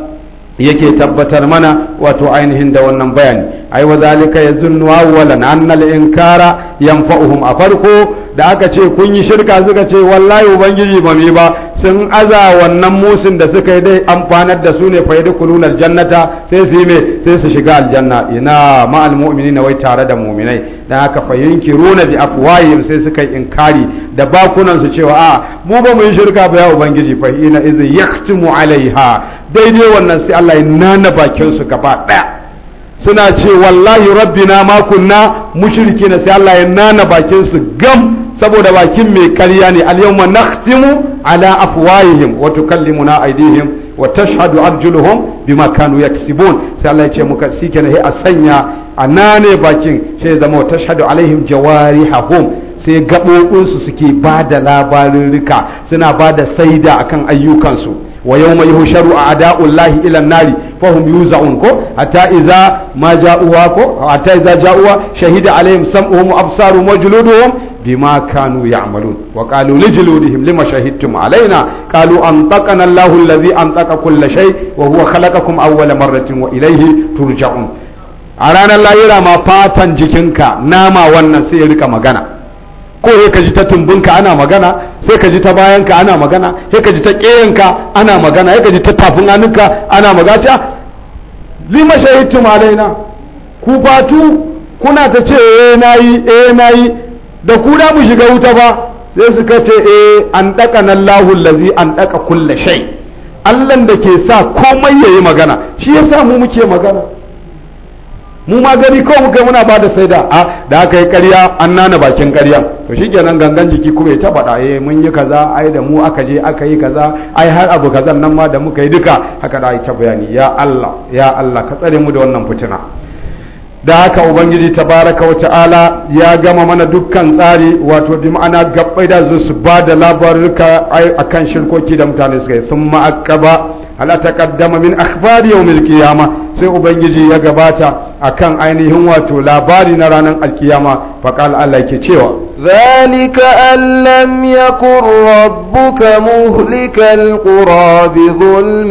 yake tabbatar mana wato ainihin da wannan bayani ai wa zalika yazunnu awwalan anna al-inkara yanfa'uhum a farko da aka ce kun yi shirka suka ce wallahi ubangiji ba ba sun aza wannan musun da suka yi dai amfanar da su ne fa yadu kulunar jannata sai su yi mai sai su shiga aljanna ina ma'al mu'minina wai tare da mu'minai da haka fa yunkiruna bi afwahihim sai suka yi inkari da bakunan su cewa a mu ba mu yi shirka ba ya ubangiji fa ina iz yaktumu alaiha daidai wannan sai Allah ya nana bakin su gaba daya suna ce wallahi rabbina ma kunna mushrikina sai Allah ya nana bakin su gam saboda bakin mai karya ne al-yawma nakhtimu ala afwahihim wa tukallimuna aydihim wa tashhadu arjuluhum bima kanu yaksibun sai Allah ya ce muka shikenan sai a sanya a nane bakin sai zama ta shaɗu alaihim jawari hahum sai gaɓoɓinsu suke ba da labarurruka suna ba da saida a kan ayyukansu wa yau mai husharu a ada'un ilan nari fahim yuza un ko a iza ma ja'uwa ko a iza ja'uwa shahida alaihim sam'uhum absaru majluduhum bima kanu ya'malun wa qalu li juludihim lima shahidtum alaina qalu antaqana allahu alladhi antaqa kull wa huwa khalaqakum awwala marratin wa ilayhi turja'un a ranar lahira ma fatan jikinka nama wannan sai ya rika magana ko sai ka ji ta tumbinka ana magana sai ka ji ta bayanka ana magana sai ka ji ta ƙeyanka ana magana sai ka ji ta tafin hannunka ana magana lima shahidtum alaina ku fatu kuna ta ce eh nayi eh nayi da ku da mu shiga wuta ba sai suka ce eh an daka lahul allazi an daka kulla shay Allah da ke sa komai yayi magana shi yasa mu muke magana mu ma gari kawai muka muna ba da saida a da aka yi karya an nana bakin karya to nan gangan jiki kuma ya taba ɗaya eh, mun yi kaza ai da mu aka je aka yi kaza ai har abu kaza nan ma da muka yi duka haka da ai ta bayani ya Allah ya Allah ka tsare mu da wannan fitina da haka ubangiji tabaraka wa ta'ala ya gama mana dukkan tsari wato bi ma'ana gabbai da su ba da labaruka akan shirkoki da mutane suka yi sun ma'akaba ala taqaddama min akhbari yawmil qiyama sai ubangiji ya gabata akan ainihin wato labari na ranar alkiyama faqal Allah yake cewa ذلك أن لم يكن ربك مهلك القرى بظلم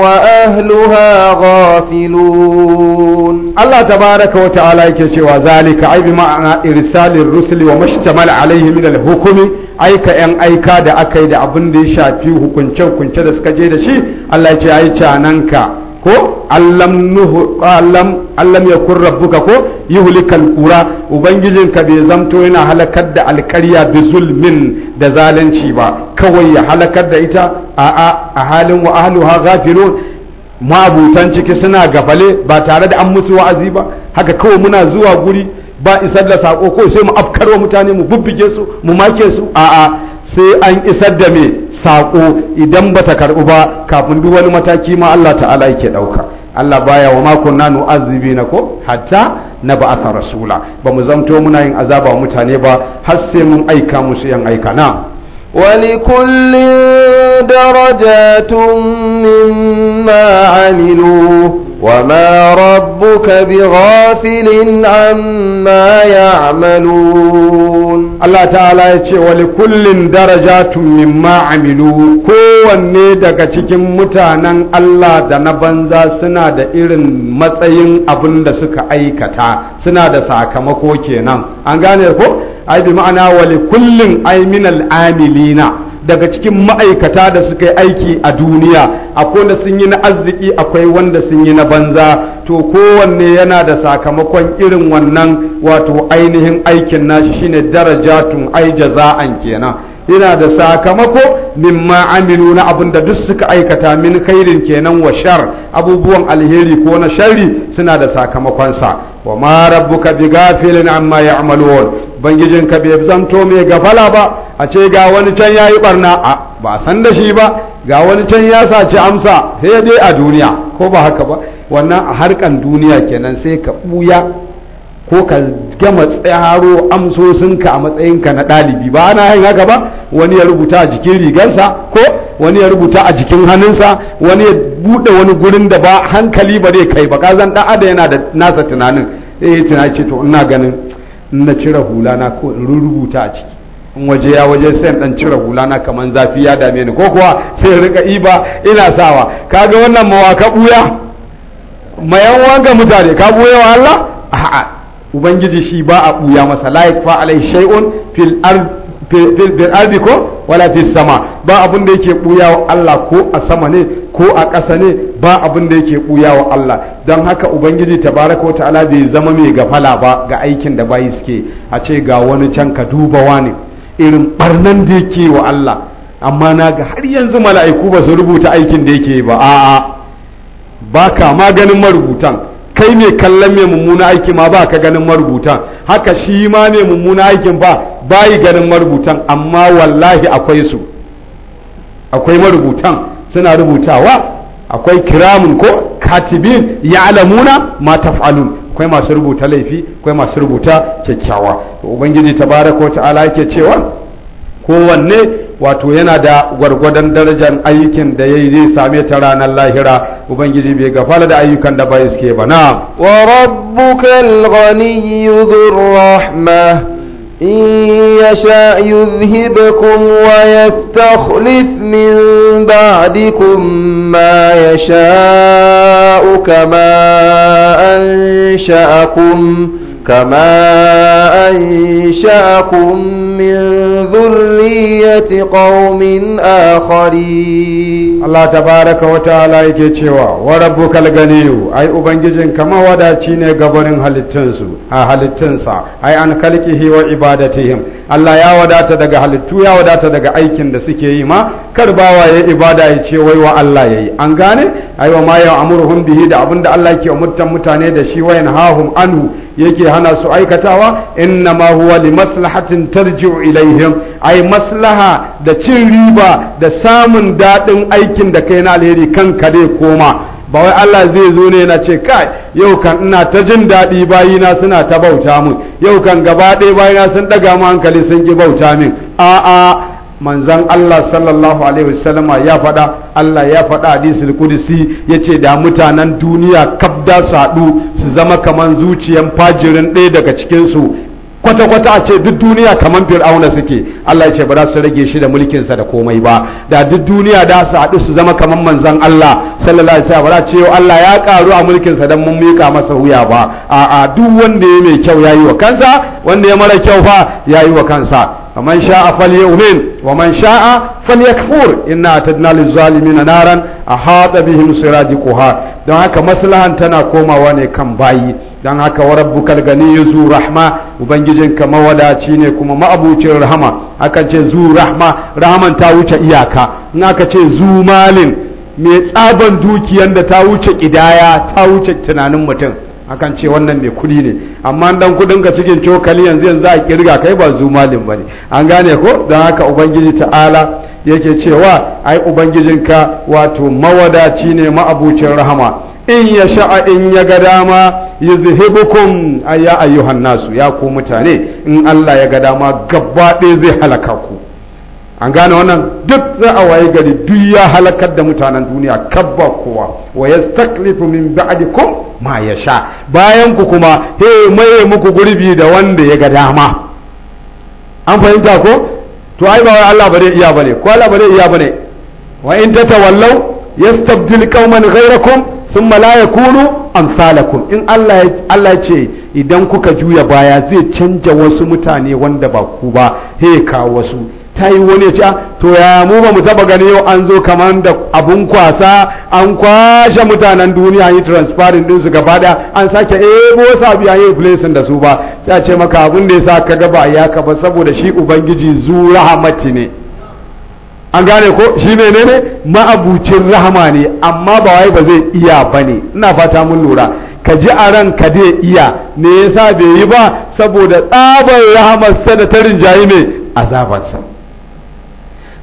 وأهلها غافلون الله تبارك وتعالى يكشف ذلك أي بمعنى إرسال الرسل وما اشتمل عليه من الحكم aika 'yan aika da aka yi da abin da ya shafi hukunce-hukunce da suka je da shi Allah ya ce ai cananka ko allam ya kun allam ko rabbuka ko yuhlikal qura ubangijinka bai zamto yana halakar da alkarya da zulmin da zalunci ba kawai ya halakar da ita a a halin wa ha ghafilun ma'abutan ciki suna gafale ba tare da an musu wa'azi ba haka kawai muna zuwa guri ba isar da sako ko sai mu afkarwa mutane mu bubbuge su mu make su a'a sai an isar da me saƙo idan bata karɓi ba kafin duk wani mataki ma Allah ta'ala yake ɗauka Allah baya wa makon na nu'azzibi na ko hatta na ba ba'atha rasula ba mu zamto muna yin azaba mutane ba har sai mun aika musu yan aika na ولكل درجات مما عملوا وما ربك بغافل Ta'ala يعملون الله تعالى يتشي ولكل درجات مما عملوا kowanne daga cikin mutanen Allah da na banza suna da irin matsayin abin da suka aikata suna da sakamako kenan an gane ko ai bi ma'ana wa li kullin ai min amilina daga cikin ma'aikata da suka yi aiki a duniya akwai wanda sun yi na arziki akwai wanda sun yi na banza to kowanne yana da sakamakon irin wannan wato ainihin aikin nashi shine darajatun ai jaza'an kenan yana da sakamako min ma'amilu na abin da duk suka aikata min khairin kenan wa shar abubuwan alheri ko na sharri suna da sakamakonsa wa ma rabbuka bi amma ya'malun bangijin ka bai zanto mai gafala ba a ce ga wani can ya yi barna a ba san da shi ba ga wani can ya saci amsa sai dai a duniya ko ba haka ba wannan a harkan duniya kenan sai ka ɓuya ko ka gama tsaro amsosinka a matsayinka na ɗalibi ba ana yin haka ba wani ya rubuta a jikin rigansa ko wani ya rubuta a jikin hannunsa wani ya buɗe wani gurin da ba hankali ba zai kai ba ka zan ɗan yana da nasa tunanin sai eh, ya to ina ganin na cire hula ko in rubuta a ciki in waje ya waje sai dan cire hulana kamar zafi ya dame ni ko kuwa sai rika iba ina sawa kaga wannan mawaka buya mayan wanga mutane ka buya wa Allah a'a ubangiji shi ba a buya masa laif fa alai shay'un fil ard fil ardi ko wala fi sama ba abin da yake buya wa Allah ko a sama ne ko a ƙasa ne ba abin da yake buya wa Allah don haka ubangiji tabaraka wa ta'ala bai zama mai gafala ba ga aikin da bayi suke a ce ga wani can ka duba wani irin barnan da yake wa Allah amma na ga har yanzu mala'iku ba su rubuta aikin da yake ba a'a ba ka ma ganin marubutan kai ne kallon mai mummuna aiki ma ba ka ganin marubutan haka shi ma mai mummuna aikin ba bayi ganin marubutan amma wallahi akwai su akwai marubutan suna rubutawa akwai kiramun ko katibin ya alamuna ma taf'alun akwai masu rubuta laifi akwai masu rubuta kyakkyawa ubangiji tabaraka wa ta'ala yake cewa kowanne wato yana da gwargwadon darajar aikin da yayi zai same ta ranar lahira ubangiji bai gafala da ayyukan da bai suke ba na wa rabbukal ghaniyyu dhur rahmah إن يشاء يذهبكم ويستخلف من بعدكم ما يشاء كما أنشأكم كما أنشأكم من ذرية قوم آخرين الله تبارك وتعالى يكيشوا وربك الغني أي أبنجزن كما ودا تشيني غبرن هل an أي عن وعبادتهم Allah ya wadata daga halittu ya wadata daga aikin da suke yi ma kar bawa ya ibada ya ce wai wa Allah yayi an gane aiwa ma ya amuruhum bihi da abinda Allah ke umurtan mutane da shi wayan hahum anhu yake hana su aikatawa innama huwa li maslahatin tarji'u ilaihim ai maslaha da cin riba da samun daɗin aikin da kai na alheri kan dai koma ba wai Allah zai zo ne na ce kai yau kan ina ta jin daɗi bayina suna ta bauta min yau kan gaba ɗaya bayina sun ɗaga mu hankali sun ki bauta min a'a manzan Allah sallallahu Alaihi wasallama ya faɗa Allah ya faɗa hadisul qudsi yace da mutanen duniya da su haɗu su zama kaman zuciyan fajirin ɗaya daga cikinsu kwata-kwata a ce duk duniya kamar fir'auna suke Allah ya ce ba za su rage shi da mulkinsa da komai ba da duk duniya da su haɗu su zama kamar manzon Allah sallallahu alaihi wasallam ba za ce Allah ya karu a mulkinsa dan mun mika masa wuya ba a'a duk wanda ya mai kyau yayi wa kansa wanda ya mara kyau fa yayi wa kansa فمن شاء فليؤمن ومن شاء فليكفر a أعتدنا للظالمين نارا أحاط بهم سرادقها don haka maslahan tana komawa ne kan bayi don haka wa rabbukal ganiyyu zu rahma ubangijinka mawadaci ne kuma ma'abucin rahama akan ce zu rahma rahaman ta wuce iyaka in aka ce zu malin mai tsaban dukiyan da ta wuce kidaya ta wuce tunanin mutum akan ce wannan mai kuɗi ne amma dan kudin ka cikin cokali yanzu yanzu a kirga kai ba zu malin bane an gane ko dan haka ubangiji ta'ala yake cewa ai ubangijinka wato mawadaci ne ma'abucin rahama in ya sha'a in ya ga dama yuzhibukum ayya ayyuhan nasu ya ku mutane in Allah ya ga dama gaba zai halaka ku an gane wannan duk za a waye gari duk ya halakar da mutanen duniya kabba kowa wa yastaklifu min ba'dikum ma ya sha bayan ku kuma he maye muku gurbi da wanda ya ga dama an fahimta ko to ai ba Allah ba iya bane ko Allah ba iya bane wa in tatawallaw yastabdil qauman ghayrakum thumma la yakunu amsalakum in Allah Allah ce idan kuka juya baya zai canja wasu mutane wanda ba ku ba he kawo wasu ta yi wani ce ah, to ya mu ba mu taba gani yau an zo kamar da abun kwasa an kwashe mutanen duniya yi transparent din su gaba daya an sake ebo sabi an yi blessing da su ba sai a ce maka abun da ya sa ka gaba ya ka ba saboda shi ubangiji zu rahamati ne an gane ko shi menene ma'abucin rahama ne amma ba wai ba zai iya ba ne ina fata mun lura ka ji a ran ka dai iya me yasa bai yi ba saboda tsabar rahamarsa da ta rinjayi ne azabarsa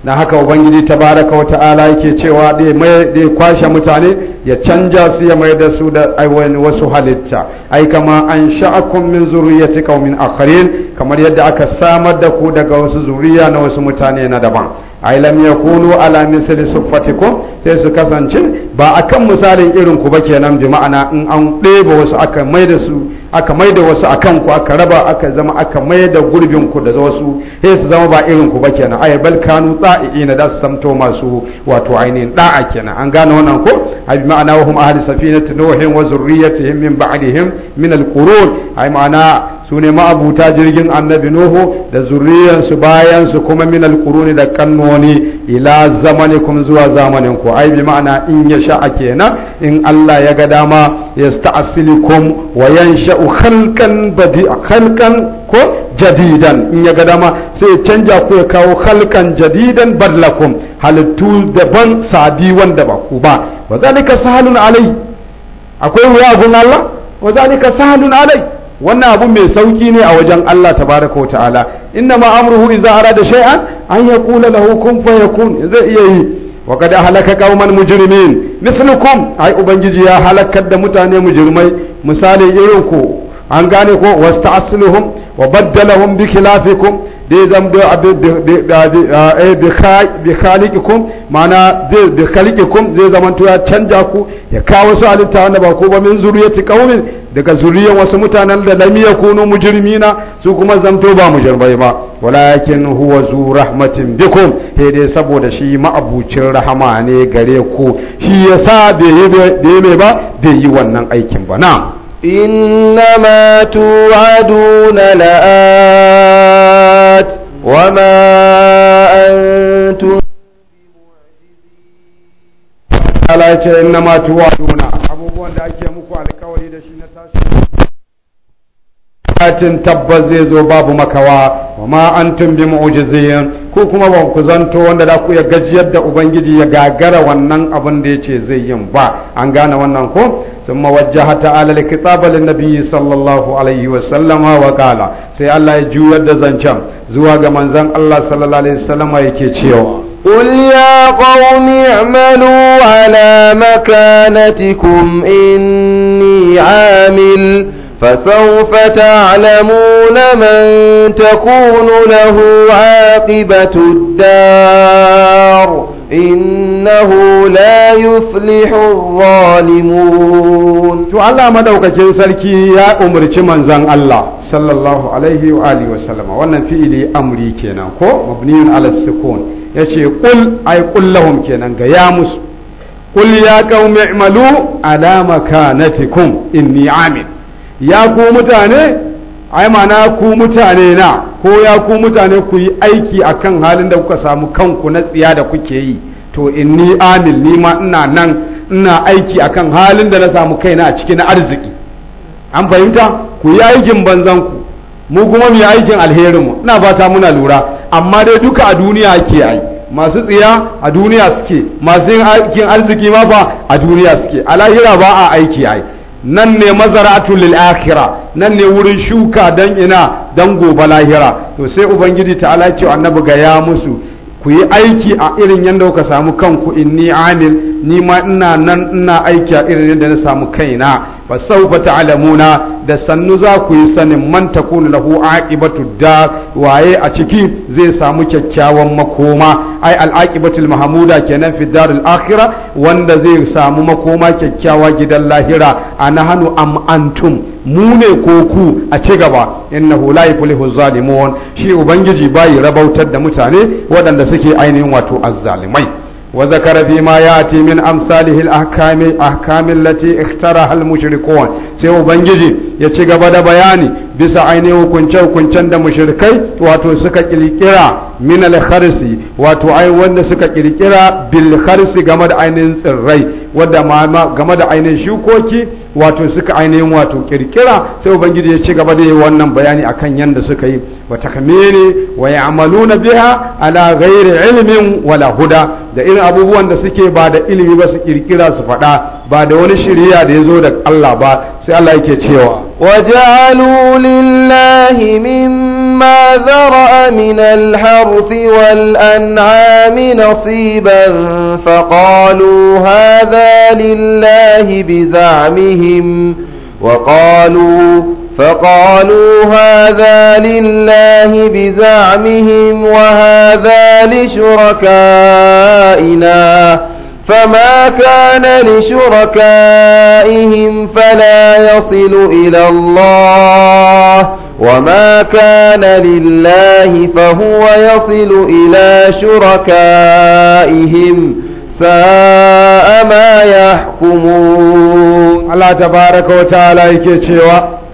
na haka ubangiji tabaraka ala yake cewa da kwashe mutane ya canja su ya mai da su da aiwani wasu halitta ai kama an sha'akum min zurriyati qaumin akharin kamar yadda aka samar da ku daga wasu zuriya na wasu mutane na daban ai lam yakunu ala misli sufatikum sai su kasance ba akan misalin irin ku ba kenan bi ma'ana in an ɗeba wasu aka mai da su aka mai da wasu a kanku aka raba aka zama aka mai da gurbinku da wasu sai su zama ba irinku ba kenan ai balkanu kanu na da su samto masu wato ainihin da'a kenan an gane wannan ko ai ma'ana wa hum ahli safinati nuhin wa zurriyyatihim min ba'dihim min al-qurun ai ma'ana su ne ma'abuta jirgin annabi nuhu da zurriyansu bayansu kuma min alquruni da kannoni ila zamanikum zuwa zamanin ku ai bi ma'ana in ya sha'a kenan in Allah ya ga dama ya yasta'silikum wa yansha'u khalqan badi'a khalqan ko jadidan in ya ga dama sai ya canja ku ya kawo khalqan jadidan badlakum halittu daban sadi wanda ba ku ba wa zalika sahalun alai akwai wuya gun Allah wa zalika sahalun alai wannan abu mai sauki ne a wajen Allah tabaraka wa ta'ala inna ma amruhu idza arada shay'an an yaqula lahu kun fayakun zai iya yi wa kad halaka qauman mujrimin mislukum ai ubangiji ya halakar da mutane mujrimai misali irin ku an gane ko wasta'asluhum wa baddalahum bi khilafikum dai zama da bi khaliqikum ma'ana zai bi zai zama ya canja ku ya kawo su halitta wanda ba ko ba min zuriyati qaumin daga zuriyar wasu mutanen da lam yakunu mujrimina su kuma zamto ba mujrimai ba walakin huwa zu rahmatin bikum sai dai saboda shi ma'abucin rahama ne gare ku shi yasa da yi mai ba bai yi wannan aikin ba na'am إنما توعدون لآت وما أنتم Allah ce inna ma tuwaduna abubuwan da ake muku alkawari da shi na tashi Katin tabbas zai zo babu makawa ma an bi mu'jizin ko kuma ba ku zanto wanda za ku iya gajiyar da ubangiji ya gagara wannan abin da yace zai yin ba an gane wannan ko kitaba lin nabiyyi sallallahu alaihi wa sallama wa qala sai allah ya يجوير da zancan zuwa ga manzon Allah sallallahu alaihi wasallam yake cewa قل يا قوم اعملوا على مكانتكم إني عامل فسوف تعلمون من تكون له عاقبة الدار إنه لا يفلح الظالمون تو الله ما دوك جنسلكي يا أمر من زن الله صلى الله عليه وآله وسلم وانا في إلي أمري كينا كو مبني على السكون يشي قل أي قل لهم كينا يا مسلم قل يا قوم اعملوا على مكانتكم إني عامل ya ku mutane ai mana ku mutane na ko ya ku mutane ku yi aiki akan halin da kuka samu kanku na tsiya da kuke yi to inni amil ni ma ina nan ina aiki akan halin da na samu kaina a cikin arziki an fahimta ku yi aikin banzan ku mu kuma mu yi aikin alherin mu ina fata muna lura amma dai duka a duniya ake yi masu tsiya a duniya suke masu yin aikin arziki ma ba a duniya suke a lahira ba a aiki ai nan ne mazaratu lil akhira nan ne wurin shuka dan ina dan gobe lahira to sai ubangiji ta'ala ce annabi ga ya musu ku yi aiki a irin yanda kuka samu kanku inni amil ni ma ina nan ina aiki a irin yadda na samu kaina fa sawfa ta'lamuna da sannu za ku yi sanin man takunu lahu aqibatu da waye a ciki zai samu kyakkyawan makoma ai al mahmuda kenan fi daril akhirah wanda zai samu makoma kyakkyawa gidan lahira anahanu am antum mu ne ko ku a ci gaba innahu la yuflihu zalimun shi ubangiji bai rabautar da mutane waɗanda suke ainihin wato azzalimai وذكر فيما ياتي من امثاله الاحكام الاحكام التي اخترعها المشركون sai ubangiji ya ci gaba da bayani bisa ainihin hukunce da mushrikai wato suka kirkira min kharsi wato ai wanda suka kirkira bil kharsi da ainihin tsirrai wadda ma game da ainihin shukoki wato suka ainihin wato kirkira sai ubangiji ya ci gaba da yi wannan bayani akan yanda suka yi wa takmiri wa ya'maluna biha ala ghairi ilmin wala huda da irin abubuwan da suke ba da ilimi ba su kirkira su faɗa ba da wani shirya da ya zo da Allah ba sai Allah yake cewa وجعلوا لله مما ذرأ من الحرث والأنعام نصيبا فقالوا هذا لله بزعمهم وقالوا فقالوا هذا لله بزعمهم وهذا لشركائنا فما كان لشركائهم فلا يصل إلى الله وما كان لله فهو يصل إلى شركائهم ساء ما يحكمون الله تبارك وتعالى يكي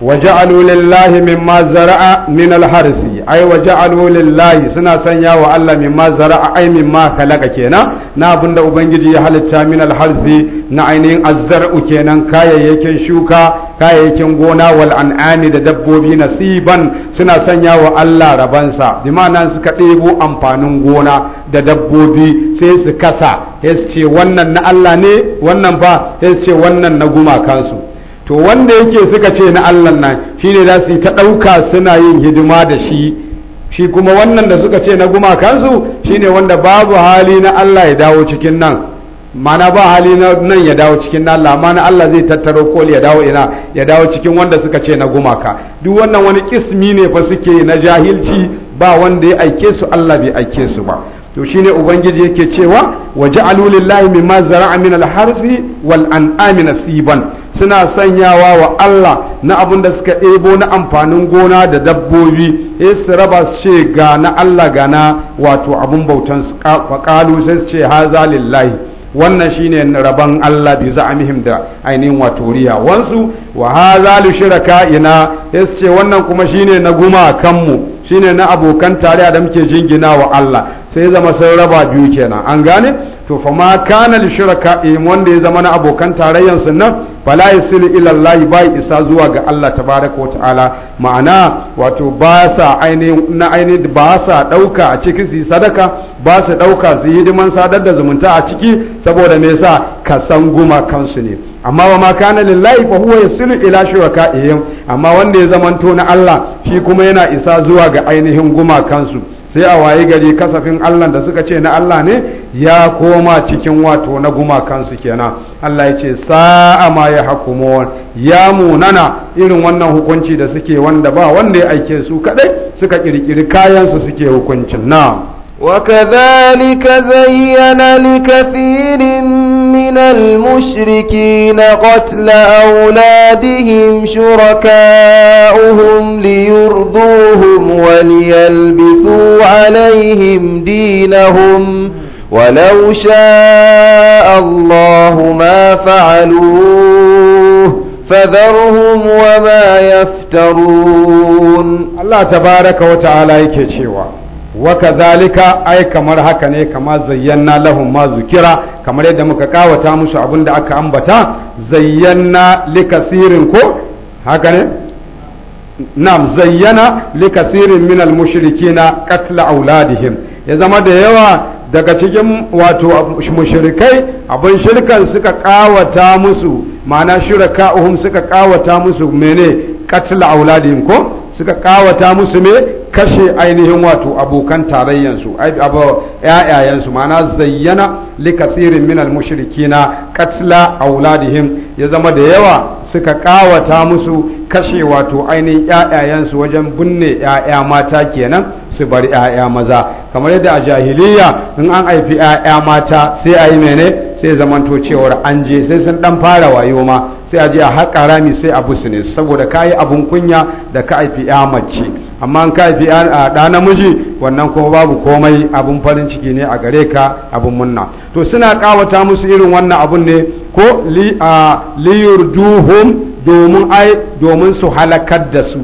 وجعلوا لله مما waje من الحرث اي وجعلوا لله سنا سنيا والا مما زرع اي مما خلق كينا نا ابن ده ubangiji ya halitta min alharzi na ainihin azzar'u kenan kayayyakin shuka kayayyakin gona wal an'ami da dabbobi nasiban suna sanya wa Allah rabonsa bi suka ɗebo amfanin gona da dabbobi sai su kasa sai ce wannan na Allah ne wannan ba sai ce wannan na gumakansu to wanda yake suka ce na Allah nan shine za su yi ta ɗauka suna yin hidima da shi shi kuma wannan da suka ce na gumakansu shine wanda babu hali na Allah ya dawo cikin nan mana ba hali na nan ya dawo cikin nan amma na Allah zai tattaro koli ya dawo ina ya dawo cikin wanda suka ce na gumaka duk wannan wani kismi ne fa suke na jahilci ba wanda ya aike su Allah bai aike su ba to shine ubangiji yake cewa waje lillahi mimma zara'a min al wal an'ami nasiban suna sanyawa wa Allah na abin da suka ɗebo na amfanin gona da dabbobi eh, su raba su ce ga na Allah ga wato abin bautan su kalu sai su ce haza lillahi wannan shine rabon Allah bi za'amihim da ainihin wato riya wansu wa haza li ina sai su ce wannan kuma shine na gumakanmu shine na abokan tare da muke jingina wa Allah sai zama sun raba biyu kenan an gane to fa ma kana li shuraka'im wanda ya zama na abokan tarayyan sun nan fala yasilu ila Allah bai isa zuwa ga Allah tabaraka ta'ala ma'ana wato ba sa ainihin na ainihin ba sa dauka a cikin su sadaka ba sa dauka su hidiman sadar da zumunta a ciki saboda me yasa ka san guma kansu ne amma wa ma kana lillahi fa huwa yasilu ila shurakaihim amma wanda ya zamanto na Allah shi kuma yana isa zuwa ga ainihin gumakansu sai a waye gari kasafin Allah da suka ce na Allah ne ya koma cikin wato na gumakansu kenan Allah ya ce sa'a ma ya hakumun ya munana irin wannan hukunci da suke wanda ba wanda ya aike su kadai suka kirkiri kayan su suke hukuncin na kadhalika zayyana likathirin من المشركين قتل أولادهم شركاؤهم ليرضوهم وليلبسوا عليهم دينهم ولو شاء الله ما فعلوه فذرهم وما يفترون الله تبارك وتعالى يكي wa kadhalika ai kamar haka ne kama zayyana lahum ma zukira kamar yadda muka kawata musu abin da aka ambata zayyana likasirin ko haka ne nam zayyana likasirin min al mushrikina qatl auladihim ya zama da yawa daga cikin wato mushrikai abin shirkan suka kawata musu ma'ana shuraka uhum suka kawata musu mene qatl auladihim ko suka kawata musu me kashe ainihin wato abokan tarayyansu ‘ya'yayensu mana zayyana likasirin minal mushrikina katla auladihim ya zama da yawa suka kawata musu kashe wato ainihin ‘ya'yayensu wajen binne ‘ya'ya mata kenan su bar ‘ya'ya maza kamar yadda a jahiliya in an haifi ‘ya'ya mata sai ayi yi mene sai zamanto cewar an je sai sun ɗan fara wayo ma sai a je a haƙa rami sai a busine saboda ka yi abun kunya da ka haifi ya mace amma an ka haifi ɗa namiji wannan kuma babu komai abin farin ciki ne a gare ka abun munna to suna ƙawata musu irin wannan abun ne ko duhun domin ai domin su halakar da su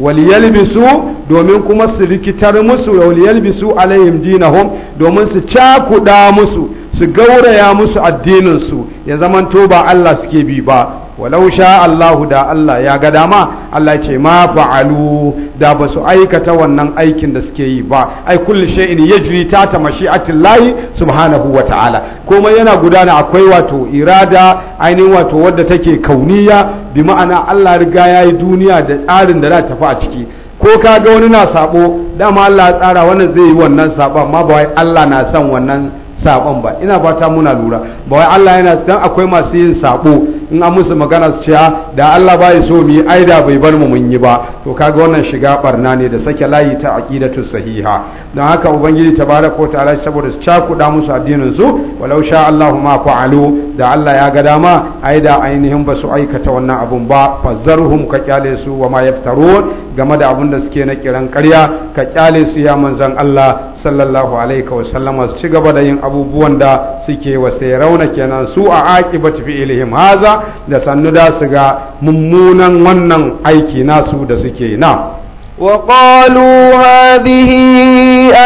waliyalbisu domin kuma su rikitar musu waliyalbisu alayhim dinahum domin su cakuda musu su gauraya musu addininsu ya zamanto ba Allah suke bi ba walau sha Allahu da Allah ya ga dama Allah ce ma fa'alu da ba su aikata wannan aikin da suke yi ba ai kulli shay'in yajri ta ta mashi'atillahi subhanahu wa ta'ala komai yana gudana akwai wato irada ainihin wato wadda take kauniya bi ma'ana Allah riga ya yi duniya da tsarin da za ta fi a ciki ko ka ga wani na sabo dama Allah ya tsara wannan zai yi wannan sabon amma ba wai Allah na son wannan sabon ba ina fata muna lura ba wai Allah yana dan akwai masu yin sabo in an musu magana su cewa ah, da Allah ya so mu yi aida bai bar mu mun yi ba to kaga wannan shiga barna ne da sake layi ta aqidatu sahiha don haka ubangiji tabaraka wa ta'ala saboda su cakuɗa musu addinin su walau sha Allahu ma fa'alu da Allah ya ga dama ai da ainihin ba su aikata wannan abun ba fazarhum ka kyale su wa ma yaftarun game da abun da suke na kiran ƙarya ka kyale su ya manzon Allah sallallahu alaihi wa sallama su ci gaba da yin abubuwan da suke wa sai rauna kenan su a fi ilhim haza da sannu da su ga mummunan wannan aiki nasu da suke na وقالوا هذه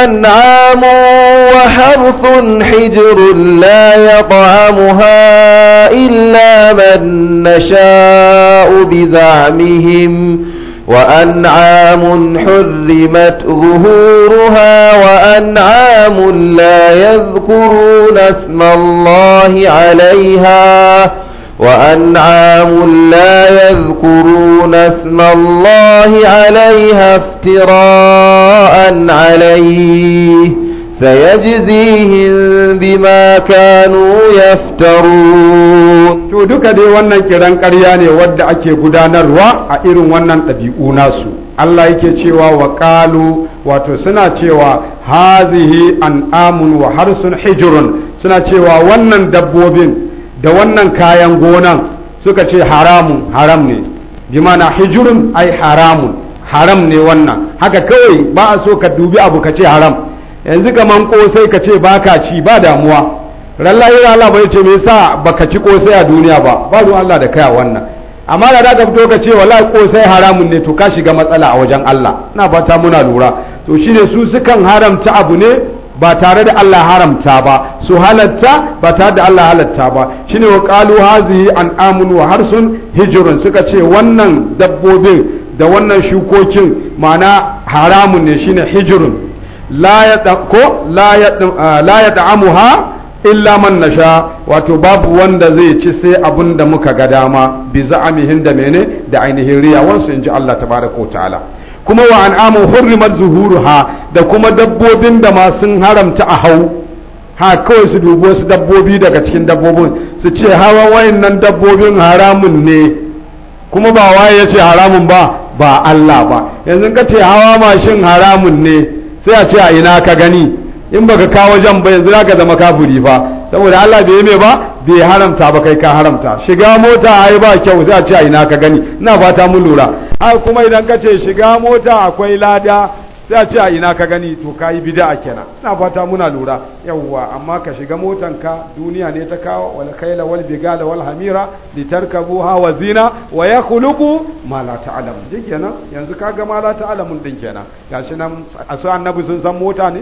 أنعام وحرث حجر لا يطعمها إلا من نشاء بزعمهم وأنعام حرمت ظهورها وأنعام لا يذكرون اسم الله عليها وأنعام لا يذكرون اسم الله عليها افتراء عليه sayajzihim bima kanu yaftarun to duka dai wannan kiran ƙarya ne wadda ake gudanarwa a irin wannan ɗabi'u nasu Allah yake cewa wa qalu wato suna cewa hazihi an'amun wa harsun hijrun suna cewa wannan dabbobin da wannan kayan gonan suka ce haramun haram ne bi mana hijirun ai haramun haram ne wannan haka kawai ba a so ka dubi abu ka ce haram yanzu kaman kosai ka ce baka ci ba damuwa rallahi Allah bai ce me yasa baka ci kosai a duniya ba ba ruwan Allah da kaya wannan amma da daga fito ka ce wallahi kosai haramun ne to ka shiga matsala a wajen Allah na fata muna lura to shine su sukan haramta abu ne ba tare da Allah haramta ba su halatta ba tare da Allah halatta ba shine wa qalu hazihi an'amun wa harsun hijrun suka ce wannan dabbobin da wannan shukokin mana haramun ne shine hijrun la ya ko la ya illa man nasha wato babu wanda zai ci sai abin da muka ga dama bi za'amihin da mene da ainihin riyawansu in ji Allah tabaraka wa ta'ala kuma wa an'amun hurrimat zuhuruha da kuma dabbobin da ma sun haramta a hau ha kawai su dubi wasu dabbobi daga cikin dabbobin su ce wayan wayannan dabbobin haramun ne kuma ba waye ya ce haramun ba ba Allah ba yanzu ka ce hawa mashin haramun ne sai a ce a ina ka gani in baka kawo jan ba yanzu zaka zama kafuri fa saboda Allah bai yi mai ba bai haramta ba kai ka haramta shiga mota ai ba kyau za a ce ina ka gani ina fata mun lura ai kuma idan ka ce shiga mota akwai lada sai a ce a ina ka gani to ka yi bid'a kenan ina fata muna lura yawwa amma ka shiga motan ka duniya ne ta kawo wal kaila wal bigala wal hamira ha wa zina wa yakhluqu ma la ta'lam din kenan yanzu ga ma la ta'lam din kenan gashi nan asu annabi sun san mota ne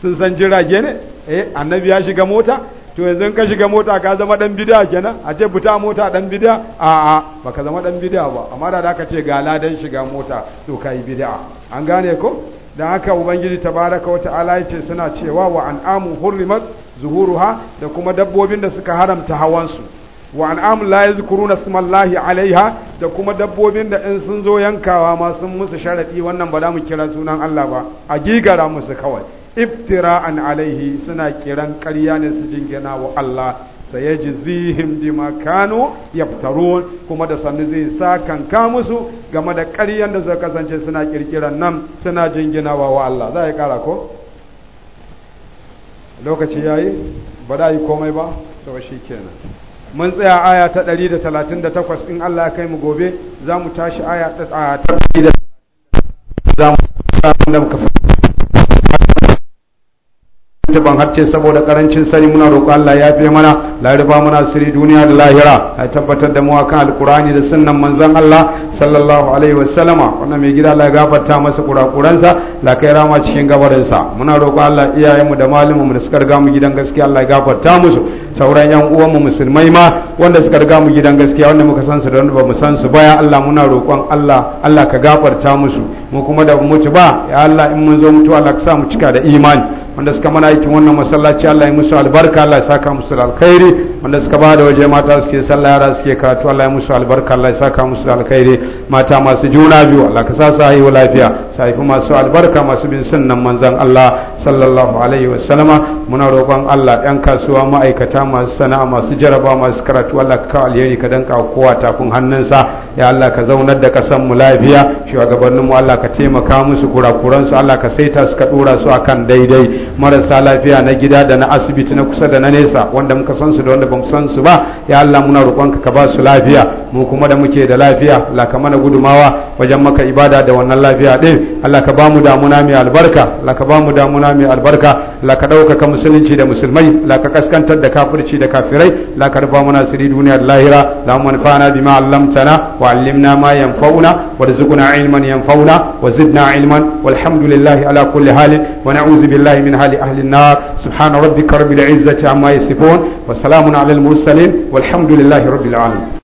sun san jirage ne eh annabi ya shiga mota to yanzu ka shiga mota ka zama dan bid'a kenan a ce fita mota dan bid'a a a baka zama dan bid'a ba amma da ka ce ga ladan shiga mota to kai bid'a an gane ko dan haka ubangiji tabaraka wa ta'ala yace suna cewa wa an'amu hurrimat zuhuruha da kuma dabbobin da suka haramta hawan su wa an'amu la yadhkuruna smallahi alaiha da kuma dabbobin da in sun zo yankawa ma sun musu sharadi wannan ba za mu kira sunan Allah ba a gigara musu kawai iftira'an alaihi suna kiran ƙarya ne su jingina wa Allah sayajzihim bima kanu yaftarun kuma da sannu zai sa kanka musu game da ƙaryan da suka kasance suna kirkiran nan suna jingina wa Allah za a yi kara ko lokaci yayi ba da yi komai ba to kenan mun tsaya aya ta 138 in Allah ya kai mu gobe za mu tashi aya ta 138 za mu tuban harce saboda karancin sani muna roƙo Allah ya fi mana larifa muna siri duniya da lahira a tabbatar da mu akan alkurani da sunnan manzon Allah sallallahu alaihi wasallama wannan mai gida Allah ya gafarta masa kurakuransa la kai rama cikin gabarinsa muna roƙo Allah iyayenmu da malumanmu da suka riga mu gidan gaskiya Allah ya gafarta musu sauran yan uwanmu musulmai ma wanda suka riga mu gidan gaskiya wanda muka san su da ba mu san su baya Allah muna roƙon Allah Allah ka gafarta musu mu kuma da mutu ba ya Allah in mun zo mutuwa Allah ka sa mu cika da imani wanda suka mana aikin wannan masallaci Allah ya musu albarka Allah ya saka musu alkhairi wanda suka ba da waje mata suke sallah yara suke karatu Allah ya musu albarka Allah ya saka musu alkhairi mata masu juna biyu Allah ka sa su haihu lafiya su haifi masu albarka masu bin sunnan manzon Allah sallallahu alaihi wa sallama muna roƙon Allah yan kasuwa ma'aikata masu sana'a masu jaraba masu karatu Allah ka kawo alheri ka danka kowa tafin hannunsa ya Allah ka zaunar da kasan mu lafiya mu Allah ka taimaka musu kurakuransu Allah ka saita su ka dora su akan daidai marasa lafiya na gida da na asibiti na kusa da na nesa wanda muka san su da wanda ba mu san su ba ya Allah muna roƙonka ka ba su lafiya mu kuma da muke da lafiya la ka mana gudumawa wajen maka ibada da wannan lafiya din Allah ka ba mu damuna mai albarka Allah ka ba mu damuna mai albarka la ka ɗaukaka musulunci da musulmai la ka kaskantar da kafirci da kafirai la ka rufa mana siri duniyar lahira la manfa'ana bima allamtana wa allimna ma yanfa'una warzuqna ilman yanfa'una wa zidna ilman walhamdulillahi ala kulli halin wa na'udzu billahi min hali ahli an-nar subhana rabbika rabbil izzati amma yasifun wa salamun ala al-mursalin walhamdulillahi rabbil